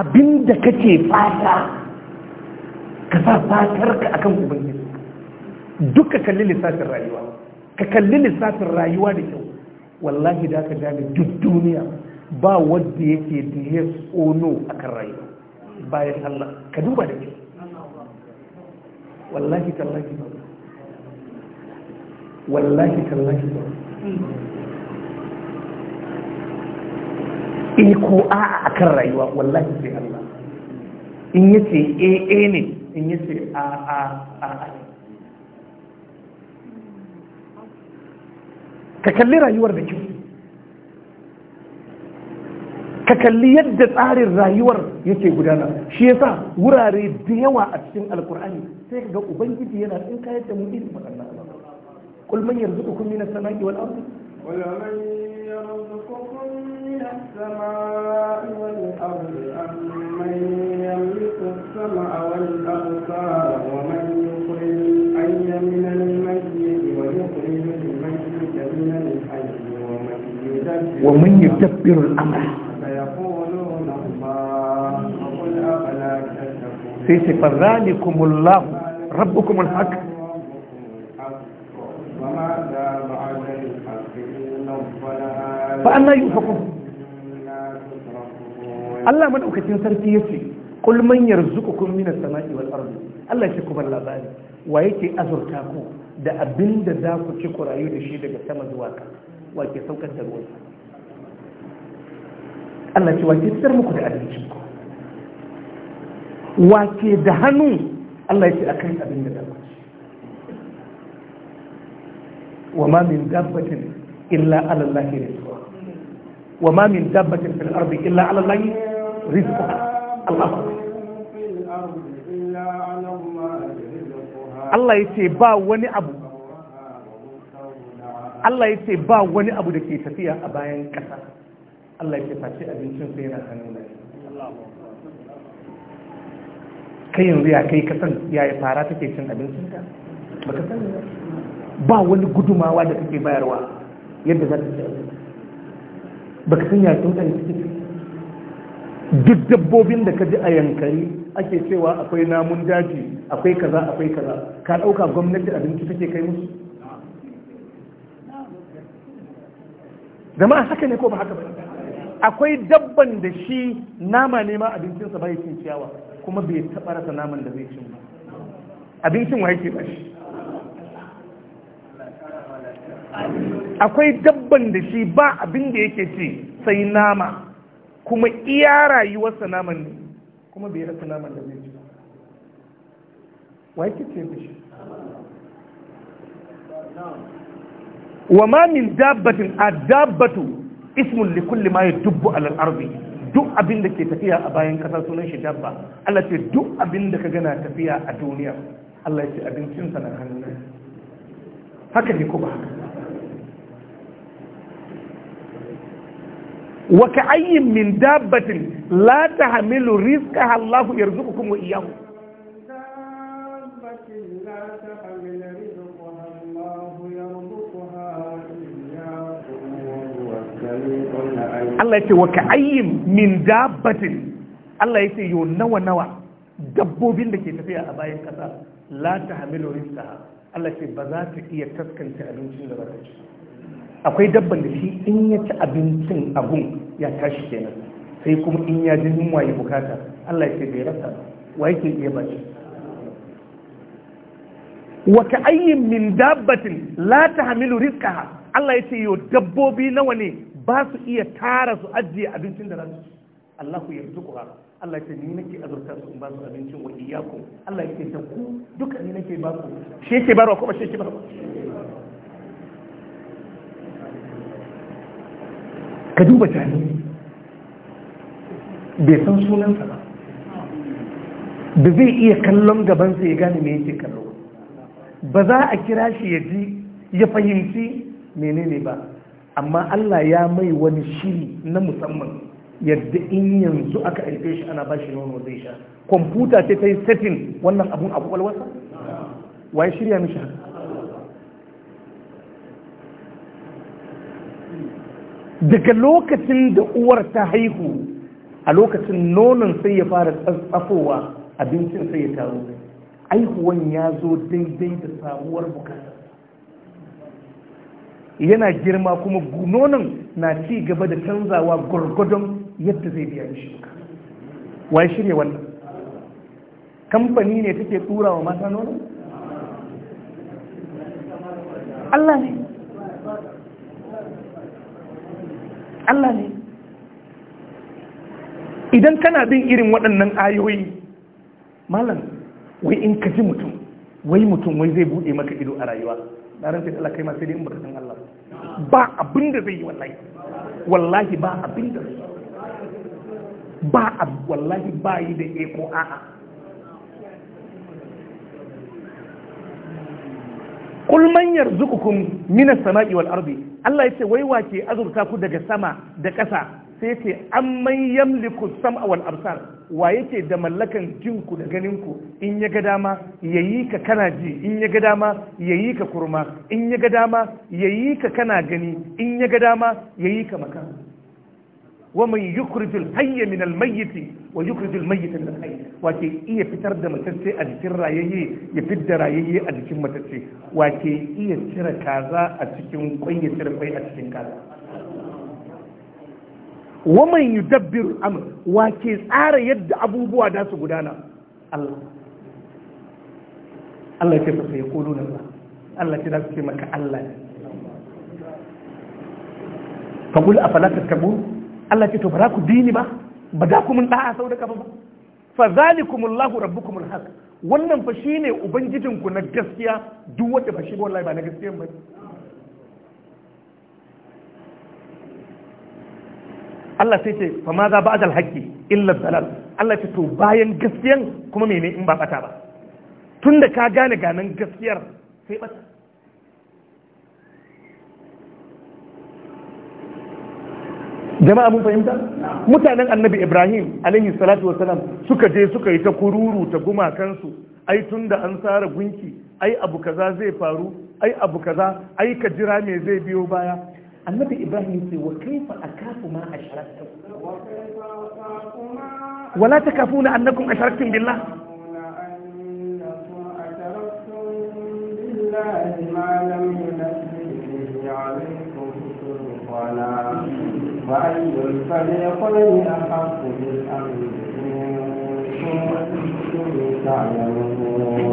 abinda kake fata ka sa ka akan ubangiji duka kalli lissafin rayuwa ka kalli lissafin rayuwa da kyau wallahi da ka gane duk duniya ba wadda yake da ya tsono kan rayuwa bayan Allah ka duba da kyau wallahi tallahi ba wallahi tallahi ba eh ko a'a akan rayuwa wallahi sai Allah in yace eh eh ne in yace a a a ka kalli rayuwar da kyau ka kalli yadda tsarin rayuwar yake gudana shi yasa wurare da yawa a cikin alkur'ani sai ka ga ubangiji yana in kayar yadda mu irin waɗannan kulman yanzu ku kun min as-sama'i wal ardi ومن يرزقكم من السماء والأرض أمن يملك السمع والأبصار ومن يخرج الحي من الميت ويخرج الميت من الحي ومن يدبر الأمر فيقولون الله وقل أفلا تتقون فذلكم الله ربكم الحق fa yi yufakun Allah madaukakin sarki yace kul man yarzuqukum minas samai wal ardi Allah shi kuma labari wa yake azurta ku da abinda za ku ci ku rayu da shi daga sama zuwa ka wa ke saukar da ruwan Allah ce wa ke tsar muku da abincin ku wa ke da hannu Allah ya ce akan abin da za ku ci wa ma min dabbatin illa alallahi rizquha wa ma min dabbatin fil ardi illa alallahi rizquha Allah Allah yace ba wani abu Allah yace ba wani abu da ke tafiya a bayan kasa, Allah yace face abincin sai yana hannun kai yanzu ya kai kasan yaya fara take cin abincinka ba ka sani ba wani gudumawa da take bayarwa yadda za ta shi ba ka san yakin ɗan ciki duk dabbobin da ka ji a yankari ake cewa akwai namun daji akwai kaza akwai kaza ka ɗauka gwamnati abinci take kai musu zama haka ne ko ba haka ba akwai dabban da shi nama ne ma abincinsa bai cin ciyawa kuma bai taɓa rasa naman da zai cin ba abincin wa yake ba shi akwai dabban da shi ba abin da yake ce sai nama kuma iya rayuwarsa naman ne kuma bai rasa naman da zai ci wa yake ce da shi wa ma min dabbatin adabbatu ismun li kulli ma yadubbu alal ardi duk abin da ke tafiya a bayan kasa sunan shi dabba Allah ce duk abin da ka gana tafiya a duniya Allah ya ce abincinsa na hannu haka ne ko ba haka wa ka'ayyin min dabbatin la tahmilu rizqaha Allahu yarzuqukum wa iyyahu Allah ya ce waka ka'ayyin min dabbatin Allah ya ce yo nawa nawa dabbobin da ke tafiya a bayan kasa la tahmilu rizqaha Allah ya ce ba za ta iya taskance abincin da ba ta ci akwai dabban da shi in ya ci abincin abun ya tashi kenan sai kuma in ya ji nuna ya bukata Allah ya ce bai rasa wa yake iya ba shi wa ka ayyin min dabbatin la hamilu rizqaha Allah ya ce yo dabbobi nawa ne ba su iya tara su ajiye abincin da rasu Allah ku yarzuquha Allah ya ce ni nake azurta su in ba su abincin wa iyyakum Allah ya ce ta ku duka ni nake ba ku shi ke barwa kuma shi ke barwa ka duba jami bai san sunansa ba da zai iya kallon gabansa ya gane me yake kallo ba za a kira shi ya ji ya fahimci menene ba amma Allah ya mai wani shiri na musamman yadda in yanzu aka haife shi ana bashi nono zai sha kwamfuta ce ta yi setting wannan abun a kwakwalwarsa waye shirya mishi haka daga lokacin da uwar ta haihu a lokacin nonon sai ya fara tsafowa abincin sai ya taru aihuwan ya zo daidai da samuwar bukata yana girma kuma nonon na ci gaba da canzawa gwargwadon yadda zai biya shi wa shirya wannan kamfani ne take tura wa mata nonon Allah ne Allah ne idan kana bin irin waɗannan ayoyi malam wai in ka ji mutum wai mutum wai zai buɗe maka ido a rayuwa na ranta Allah kai masu sai dai in baka san Allah ba abin da zai yi wallahi wallahi ba abin da zai yi ba wallahi ba yi da eko a'a kul man yarzuqukum min as-sama'i wal ardi Allah yace wai wace azurta ku daga sama da ƙasa sai yace amman yamliku as-sam'a wal absar wa yake da mallakan jinku da ganin ku in ya ga dama yayi ka kana ji in ya ga dama yayi ka kurma in ya ga dama yayi ka kana gani in ya ga dama yayi ka makan ومن يخرج الحي من الميت ويخرج الميت من الحي وكي iya fitar da matacce a jikin rayayye ya fidda rayayye a jikin matacce wake iya cire kaza a cikin kwai ya cire kwai a cikin kaza waman yudabbiru amr wake tsara yadda abubuwa da su gudana Allah Allah ya ce fa sai yaquluna Allah ya ce Allah ce to ba za ku dini ba ba za ku mun da'a sau da kafa ba fa zalikumullahu rabbukumul haq wannan fa shine ku na gaskiya duk wanda ba shi ba wallahi ba na gaskiya ba Allah sai ce fa ma za ba haqqi illa dalal Allah ce to bayan gaskiyan kuma mene in ba bata ba tunda ka gane ganin gaskiyar sai bata jama'a mun fahimta mutanen annabi ibrahim alaihi salatu wasalam suka je suka yi ta kururu ta gumakansu ai tun da an tsara gunki ai abu kaza zai faru ai abu kaza ai ka jira me zai biyo baya annabi ibrahim ce wa kaifa akafu ma asharaktu wala takafuna annakum asharaktum billah ما لم وأي الفريقين أحق بالأمن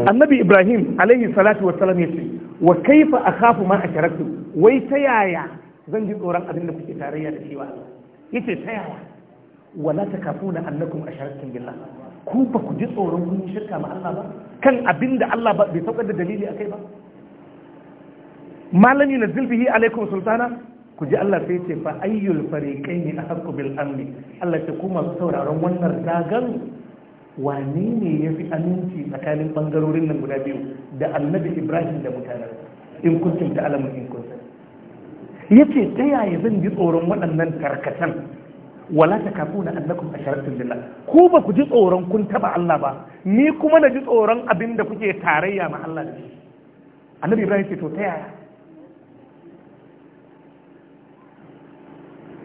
Annabi Ibrahim alaihi salatu wassalam ya ce, wa kaifa akhafu ma asharaktu wai ta yaya zan ji tsoron abin da kuke tarayya da cewa yace ta yaya wala takafuna annakum asharaktum billah ku ba ku ji tsoron kun shirka ma Allah ba kan abin da Allah bai saukar da dalili akai ba malami na zulfihi alaikum sultana ku ji Allah sai ce fa ayyul fariqaini ahqqu bil amn Allah ce kuma sauraron wannan dagan wane ne yafi aminci tsakanin bangarorin nan guda biyu da Annabi Ibrahim da mutanen in kuntum ta alamu in kuntum yace ta yaya zan ji tsoron waɗannan karkatan wala ta kafu na annakum asharatun billah ku ba ku ji tsoron kun taba Allah ba ni kuma na ji tsoron abin da kuke tarayya ma Allah da shi annabi Ibrahim ce to ta yaya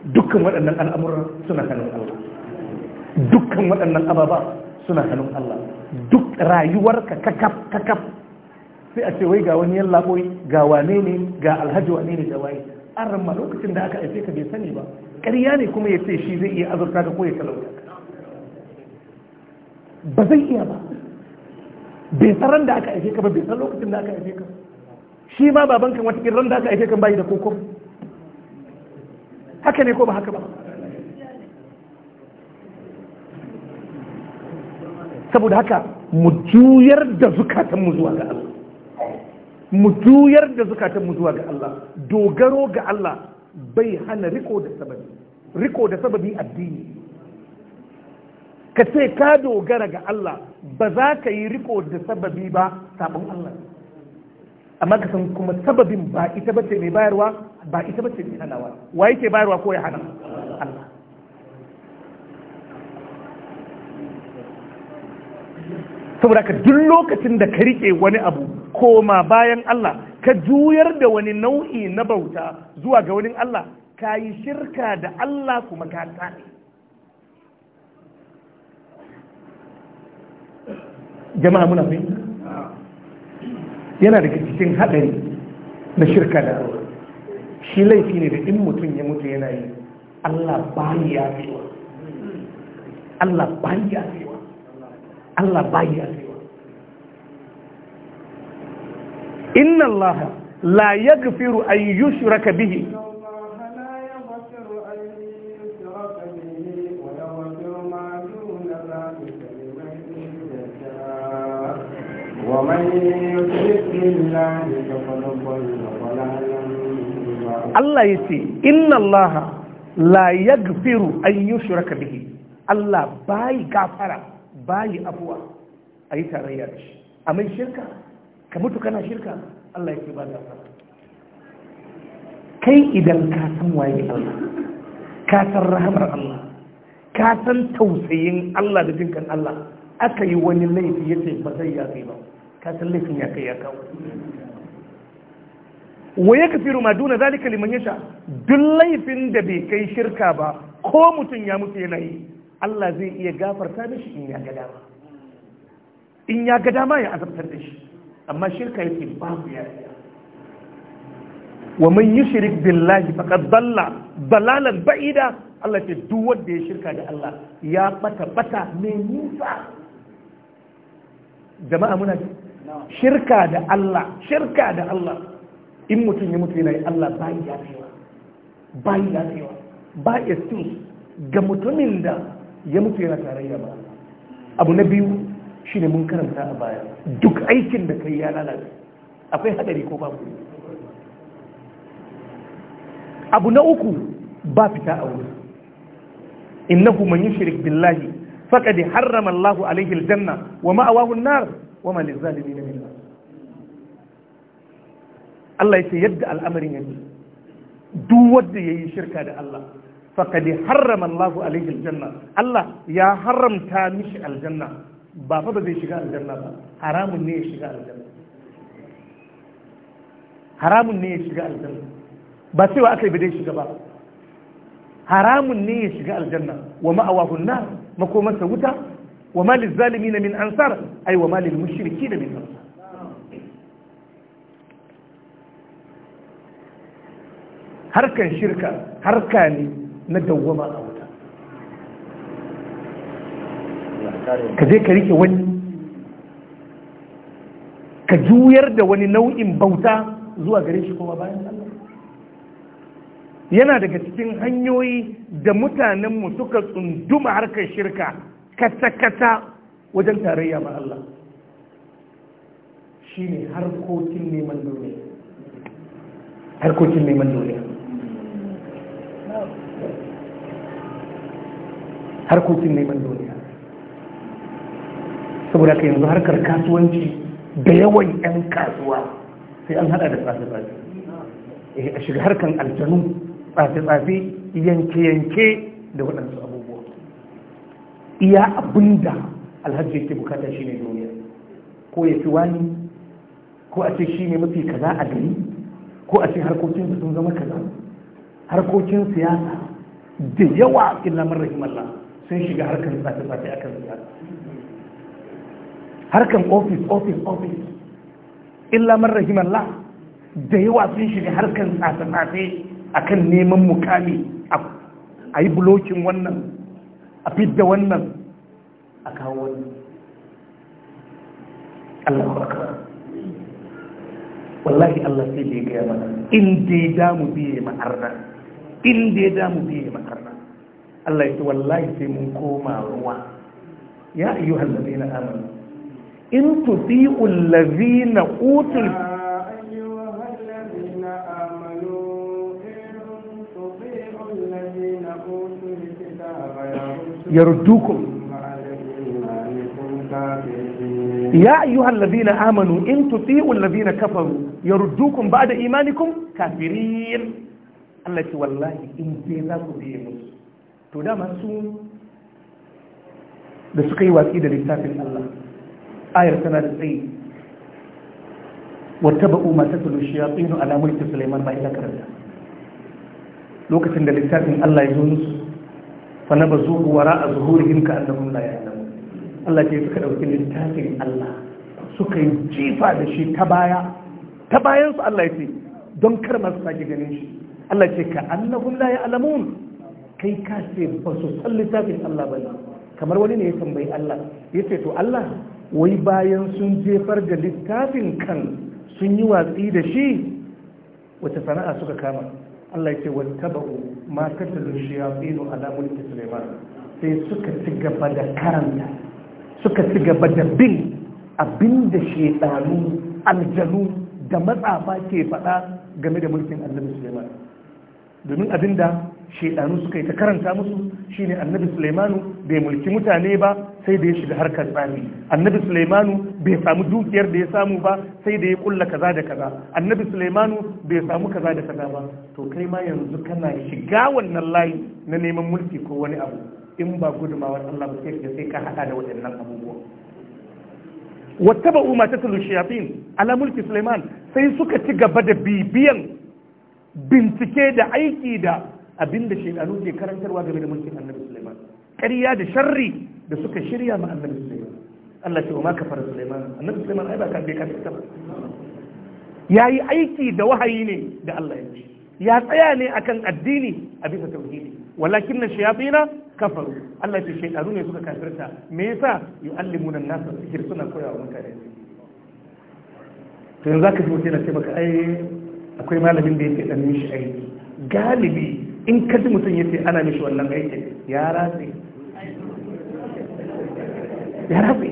dukkan waɗannan al'amuran suna hannun Allah dukkan waɗannan ababa suna hannun Allah duk rayuwarka kakaf kakaf sai a ce wai ga wani yallaɓoi ga wane ne ga alhaji wane ne ga waye an ramma lokacin da aka aife ka bai sani ba ƙarya ne kuma ya ce shi zai iya azurta ka ko ya talauta ba zai iya ba bai san da aka aife ka ba bai san lokacin da aka aife ka shi ma babankan wata ran da aka aife kan bayi da kokon haka ne ko ba haka ba saboda haka mu juyar da zukatanmu zuwa ga Allah mu juyar da zukatanmu zuwa ga Allah dogaro ga Allah bai hana riko da sababi riko da sababi addini ka ce ka dogara ga Allah ba za ka yi riko da sababi ba sabon Allah amma ka san kuma sababin ba ita ba ce mai bayarwa ba ita bace ne hanawa wa yake bayarwa ko ya hana Allah saboda ka duk lokacin da ka rike wani abu koma bayan Allah ka juyar da wani nau'i na bauta zuwa ga wani Allah ka yi shirka da Allah kuma ka tsani jama'a muna fahimta yana daga cikin haɗari na shirka da Allah shi laifi ne da in mutum ya mutu yana yi Allah bayi ya cewa Allah bayi ya cewa Allah bayi ya inna Allah la yaghfiru an yushraka bihi ومن يشرك بالله فقد ضل Allah ya ce inna Allah la yaghfiru an yushraka bihi Allah bai gafara bai afuwa ayi tarayya da shi amma shirka ka mutu kana shirka Allah ya ce ba gafara kai idan ka san waye Allah ka san rahamar Allah ka san tausayin Allah da jinkan Allah aka yi wani laifi yace ba zai yafi ba ka san laifin ya kai ya kawo wa ya kafi ma duna zalika liman yasha duk laifin da bai kai shirka ba ko mutum ya mutu yana yi Allah zai iya gafarta mishi in ya ga dama in ya ga dama ya azabtar da shi amma shirka yake ku ya wa man yushrik billahi faqad dalla dalalan ba'ida Allah ce duk wanda ya shirka da Allah ya bata bata mai nisa jama'a muna shirka da Allah shirka da Allah in mutum ya mutu yana yi Allah ba ya cewa ba ya cewa ba excuse ga mutumin da ya mutu yana tarayya ba abu na biyu shi ne mun karanta a baya duk aikin da kai ya lalace akwai hadari ko babu abu na uku ba fita a wuri innahu man yushrik billahi faqad harrama Allahu alayhi aljanna wa ma'awahu an-nar wa ma lizalimin min Allah ya ce yadda al'amarin yake duk ya yi shirka da Allah faqad harrama Allahu alaihi aljanna Allah ya haramta mishi aljanna ba fa ba zai shiga aljanna ba haramun ne ya shiga aljanna haramun ne ya shiga aljanna ba cewa aka yi ba zai shiga ba haramun ne ya shiga aljanna wa ma'awahun nar makomarsa wuta wa ma lizalimin min ansar ai wa ma lil mushrikin min ansar harkan shirka harka ne na dawwama a wuta ka je ka rike wani ka juyar da wani nau'in bauta zuwa gare shi kuma bayan Allah yana daga cikin hanyoyi da mutanenmu suka tsunduma harkar shirka kata-kata wajen tarayya ma Allah shi ne harkokin neman duniya harkokin neman duniya harkokin neman duniya saboda ka yanzu harkar kasuwanci da yawan 'yan kasuwa sai an hada da tsafe-tsafe eh, a shiga harkar aljanu tsafi-tsafi yanke-yanke da waɗansu abubuwa iya abinda alhaji yake bukata shi ne duniya ko ya fi wani ko a ce shi ne mafi kaza a gari ko a ce harkokinsu sun zama kaza harkokin siyasa da yawa illa marar himallah sun shiga harkar tsafi-tsafi a kan siyasa harkar ofis ofis ofis illa man rahimallah da yawa sun shiga harkar tsafi-tsafi a kan neman mukami a yi bulokin wannan a fidda wannan a kawo wannan Allah akbar wallahi Allah sai da ya gaya mana in dai damu biye ma'arna in dai damu biye ma'arna الله والله سيمكم روا يا أيها الذين آمنوا إن تطيعوا الذين أوتوا يردوكم يا أيها الذين آمنوا إن تطيعوا الذين كفروا يردوكم بعد إيمانكم كافرين التي والله إن تنظروا to dama su da suka yi watsi da littafin Allah ayar tana da tsayi wata ba'u masu tulushiya tsinu ala ta suleiman ba ila karanta lokacin da littafin Allah ya zo musu fa na zo wara a zuhuri in ka annahum la ya'lamun Allah ce suka dauki littafin Allah suka yi jifa da shi ta baya ta bayansu Allah ya ce don kar masu sake ganin shi Allah ce ka annahum la ya'lamun kai ka ce ba su san littafin Allah ba kamar wani ne ya tambayi Allah ya ce to Allah wai bayan sun jefar da littafin kan sun yi watsi da shi wata sana'a suka kama Allah ya ce wata ba'u ma ta shayatinu ala mulki Sulaiman sai suka ci gaba da karanta suka ci gaba da bin abinda shedanu aljanu da matsafa ke faɗa game da mulkin annabi Sulaiman domin da shaidanu suka yi ta karanta musu shine annabi sulaimanu bai mulki mutane ba sai da ya shiga harkar tsami annabi sulaimanu bai samu dukiyar da ya samu ba sai da ya kulla kaza da kaza annabi sulaimanu bai samu kaza da kaza ba to kai ma yanzu kana shiga wannan layi na neman mulki ko wani abu in ba gudumawar Allah ba sai ka hada da waɗannan abubuwa Wattaba ma tatlu shayatin ala mulki Sulaiman sai suka ci gaba da bibiyan bincike da aiki da abinda shekaru ke karantarwa game da mulkin annabi Sulaiman ƙarya da sharri da suka shirya ma annabi Sulaiman Allah ce wa ma kafara Sulaiman annabi Sulaiman ai ba ka bai kafirta ba yayi aiki da wahayi ne da Allah ya ce ya tsaya ne akan addini a bisa tauhidi walakin na shayatina kafaru Allah ce shekaru ne suka kafirta me yasa yu'allimuna an-nasa sihir suna koyawa mutane to yanzu zaka ji mutum na ce maka ai akwai malamin da yake dan mishi aiki galibi in kaji mutum ya ce ana mishi wannan aikin ya ratse ya ratse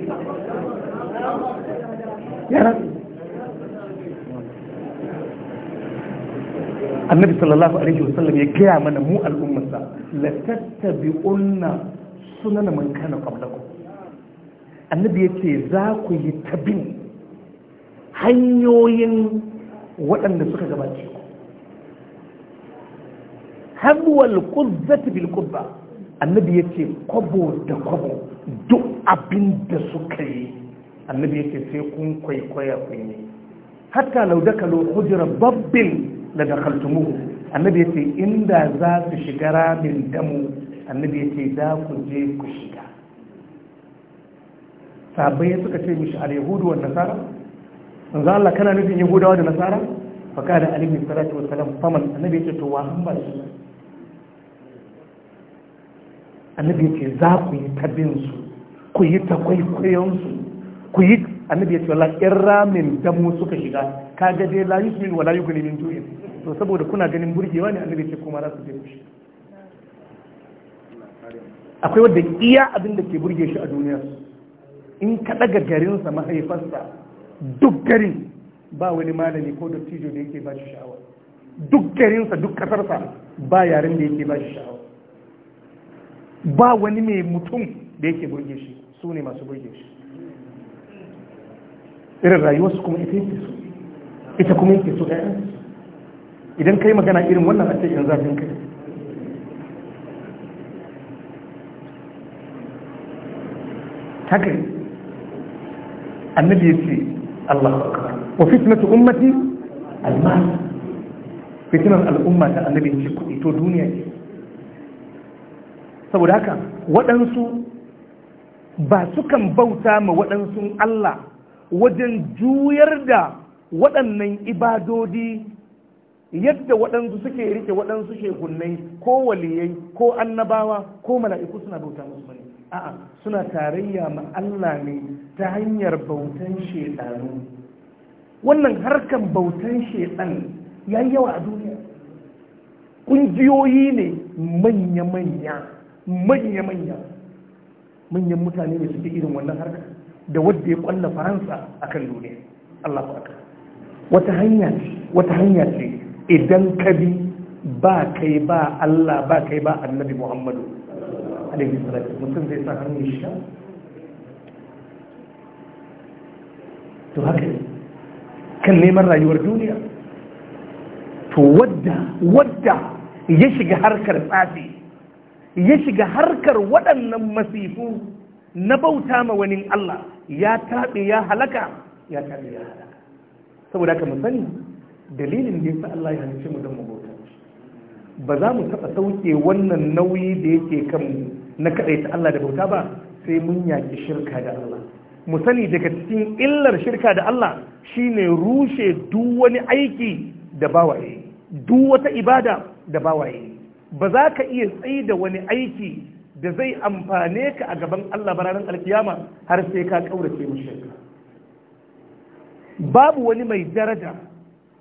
ya ratse annabi sallallahu alaihi wasallam ya gaya mana mu al'ummarsa la unna sunana man kana qablakum annabi yace za ku yi tabin hanyoyin waɗanda suka gabace ku hamwal quzzati bil qubba annabi ya ce kwabo da kwabo duk abin da suka yi annabi ya ce sai kun kwaikwaya kun yi hatta law dakalu babbin da dakhaltumuhu annabi ya ce inda za su shiga ramin damu annabi ya ce za ku je ku shiga sahabbai suka ce mishi al-yahudu wa nasara manzo Allah kana nufin yahudawa da nasara fa kana alaihi salatu wa salam faman annabi ya ce to wa han ba shi annabi ya ce za ku yi tabinsu ku yi ta ku yi annabi ya ce wala in ramin damu suka shiga ka ga dai la yusmin wala yughni min ju'in to saboda kuna ganin burgewa ne annabi ya ce kuma za su je shi akwai wanda iya abin da ke burge shi a duniya in ka daga garinsa mahaifarsa duk garin ba wani malami ko dattijo da yake ba shi sha'awa duk garinsa duk kasarsa ba yaren da yake ba shi sha'awa ba wani mai mutum da yake burge shi su ne masu burge shi irin rayuwarsu kuma ita yake so ita kuma yake so ɗaya idan ka yi magana irin wannan a cikin zafin kai haka annabi ya ce Allah wa fitnatu ummati almal fitnan al'umma ta annabi ce kuɗi to duniya ce saboda haka waɗansu ba sukan bauta ma waɗansu Allah wajen juyar da waɗannan ibadodi yadda waɗansu suke rike waɗansu shekunai ko waliyai ko annabawa ko mala'iku suna bauta musu bane a'a suna tarayya ma Allah ne ta hanyar bautan shekaru wannan harkan bautan ya yi yawa a duniya ƙungiyoyi ne manya-manya manya-manya manyan mutane ne suke irin wannan harka da wadda ya kwalla faransa a kan duniya Allah ba wata hanya wata hanya ce idan ka bi ba kai ba Allah ba kai ba annabi Muhammadu mutum zai sa hannun sha to haka kan neman rayuwar duniya to wadda wadda ya shiga harkar tsafi ya shiga harkar waɗannan masifu na bauta ma wani Allah ya taɓe ya halaka ya taɓe ya halaka saboda ka mu sani dalilin da yasa Allah ya halice mu don mu bauta ba za mu taɓa sauke wannan nauyi da yake kan na kaɗaita Allah da bauta ba sai mun yaƙi shirka da Allah mu sani daga cikin illar shirka da Allah shine rushe duk wani aiki da bawaye duk wata ibada da bawaye ba za ka iya tsaye da wani aiki da zai amfane ka a gaban Allah ba ranar alkiyama har sai ka kaurace mushi babu wani mai daraja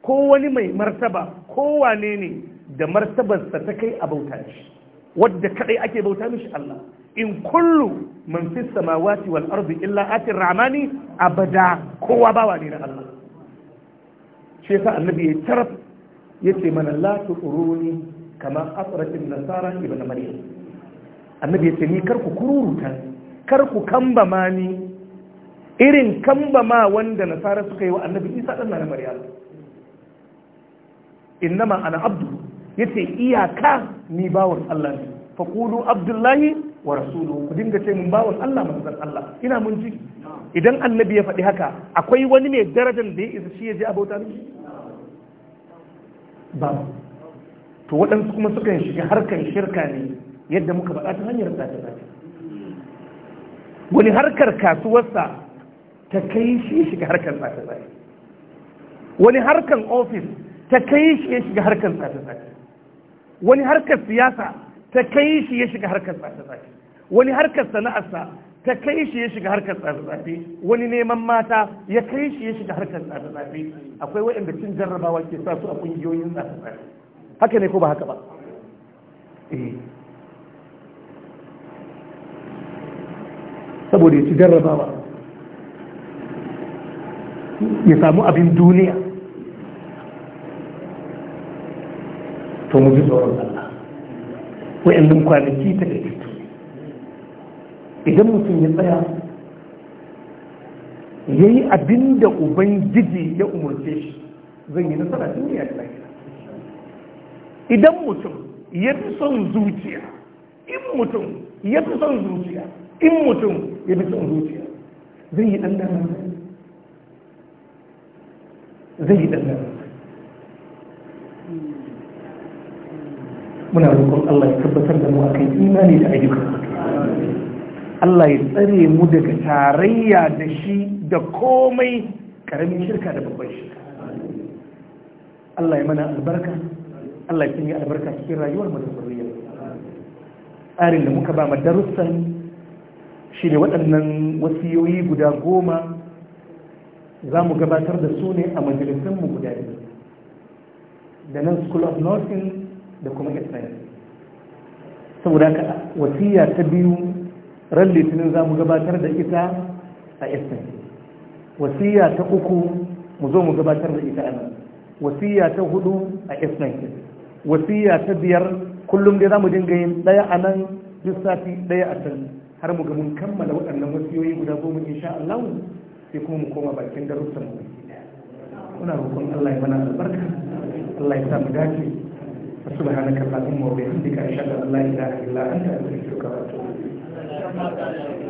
ko wani mai martaba ko wane ne da martabarsa ta kai a bauta shi wadda kadai ake bauta mishi Allah in kullu man fi samawati wal ardi illa atir rahmani abada kowa bawa ne na Allah shi yasa annabi ya taraf yace mana la ururuni. kamar asiratin nasara ibn maryam annabi ya ce ni kar ku kururuta kar ku kambama ni irin kambama wanda nasara suka yi wa annabi isa ɗan na maryam innama ana abdu yace iyaka ni bawon Allah ne fa abdullahi wa rasuluhu ku dinga ce mun bawon Allah manzon Allah ina mun ji idan annabi ya faɗi haka akwai wani mai darajar da ya isa shi ya ji abota ne ba to waɗansu kuma sukan shiga harkar shirka ne yadda muka faɗa ta hanyar tsace-tsace wani harkar kasuwarsa ta kai shi ya shiga harkar tsace-tsace wani harkar ofis ta kai shi ya shiga harkar tsace-tsace wani harkar siyasa ta kai shi ya shiga harkar tsace-tsace wani harkar sana'arsa ta kai shi ya shiga harkar tsafe-tsafe wani neman mata ya kai shi ya shiga harkar tsafe-tsafe akwai waɗanda cin jarrabawa ke sa su a ƙungiyoyin tsafe-tsafe haka ne ko ba haka ba eh. saboda ya ci jarrabawa ya samu abin duniya to mu ji tsoron Allah wa'annan kwanaki ta fito idan mutum ya tsaya ya yi abin da ubangiji ya umarce shi zan yi nasara duniya da lafiya idan mutum ya fi son zuciya in mutum ya fi son zuciya in mutum ya fi son zuciya zai yi ɗanɗana zai yi ɗanɗana muna rukun Allah ya tabbatar da mu a kan imani da ayyukan Allah ya tsare mu daga tarayya da shi da komai ƙaramin shirka da babban shirka Allah ya mana albarka Allah ya yi albarka cikin rayuwar mu da zuriya tsarin da muka ba mu darussan shi ne waɗannan wasiyoyi guda goma za mu gabatar da su ne a mu guda biyu da nan school of nursing da kuma science saboda ka wasiya ta biyu ran litinin za mu gabatar da ita a science wasiya ta uku mu zo mu gabatar da ita a nan wasiya ta hudu a science wasiya ta biyar kullum dai za mu dinga yin ɗaya a nan duk sati ɗaya a can har mu ga mun kammala waɗannan wasiyoyi guda goma sha Allah sai kuma mu koma bakin darussan mu muna roƙon Allah ya mana albarka Allah ya sa mu dace subhanaka allahumma wa bihamdika ashhadu an la ilaha illa anta astaghfiruka wa atubu ilaik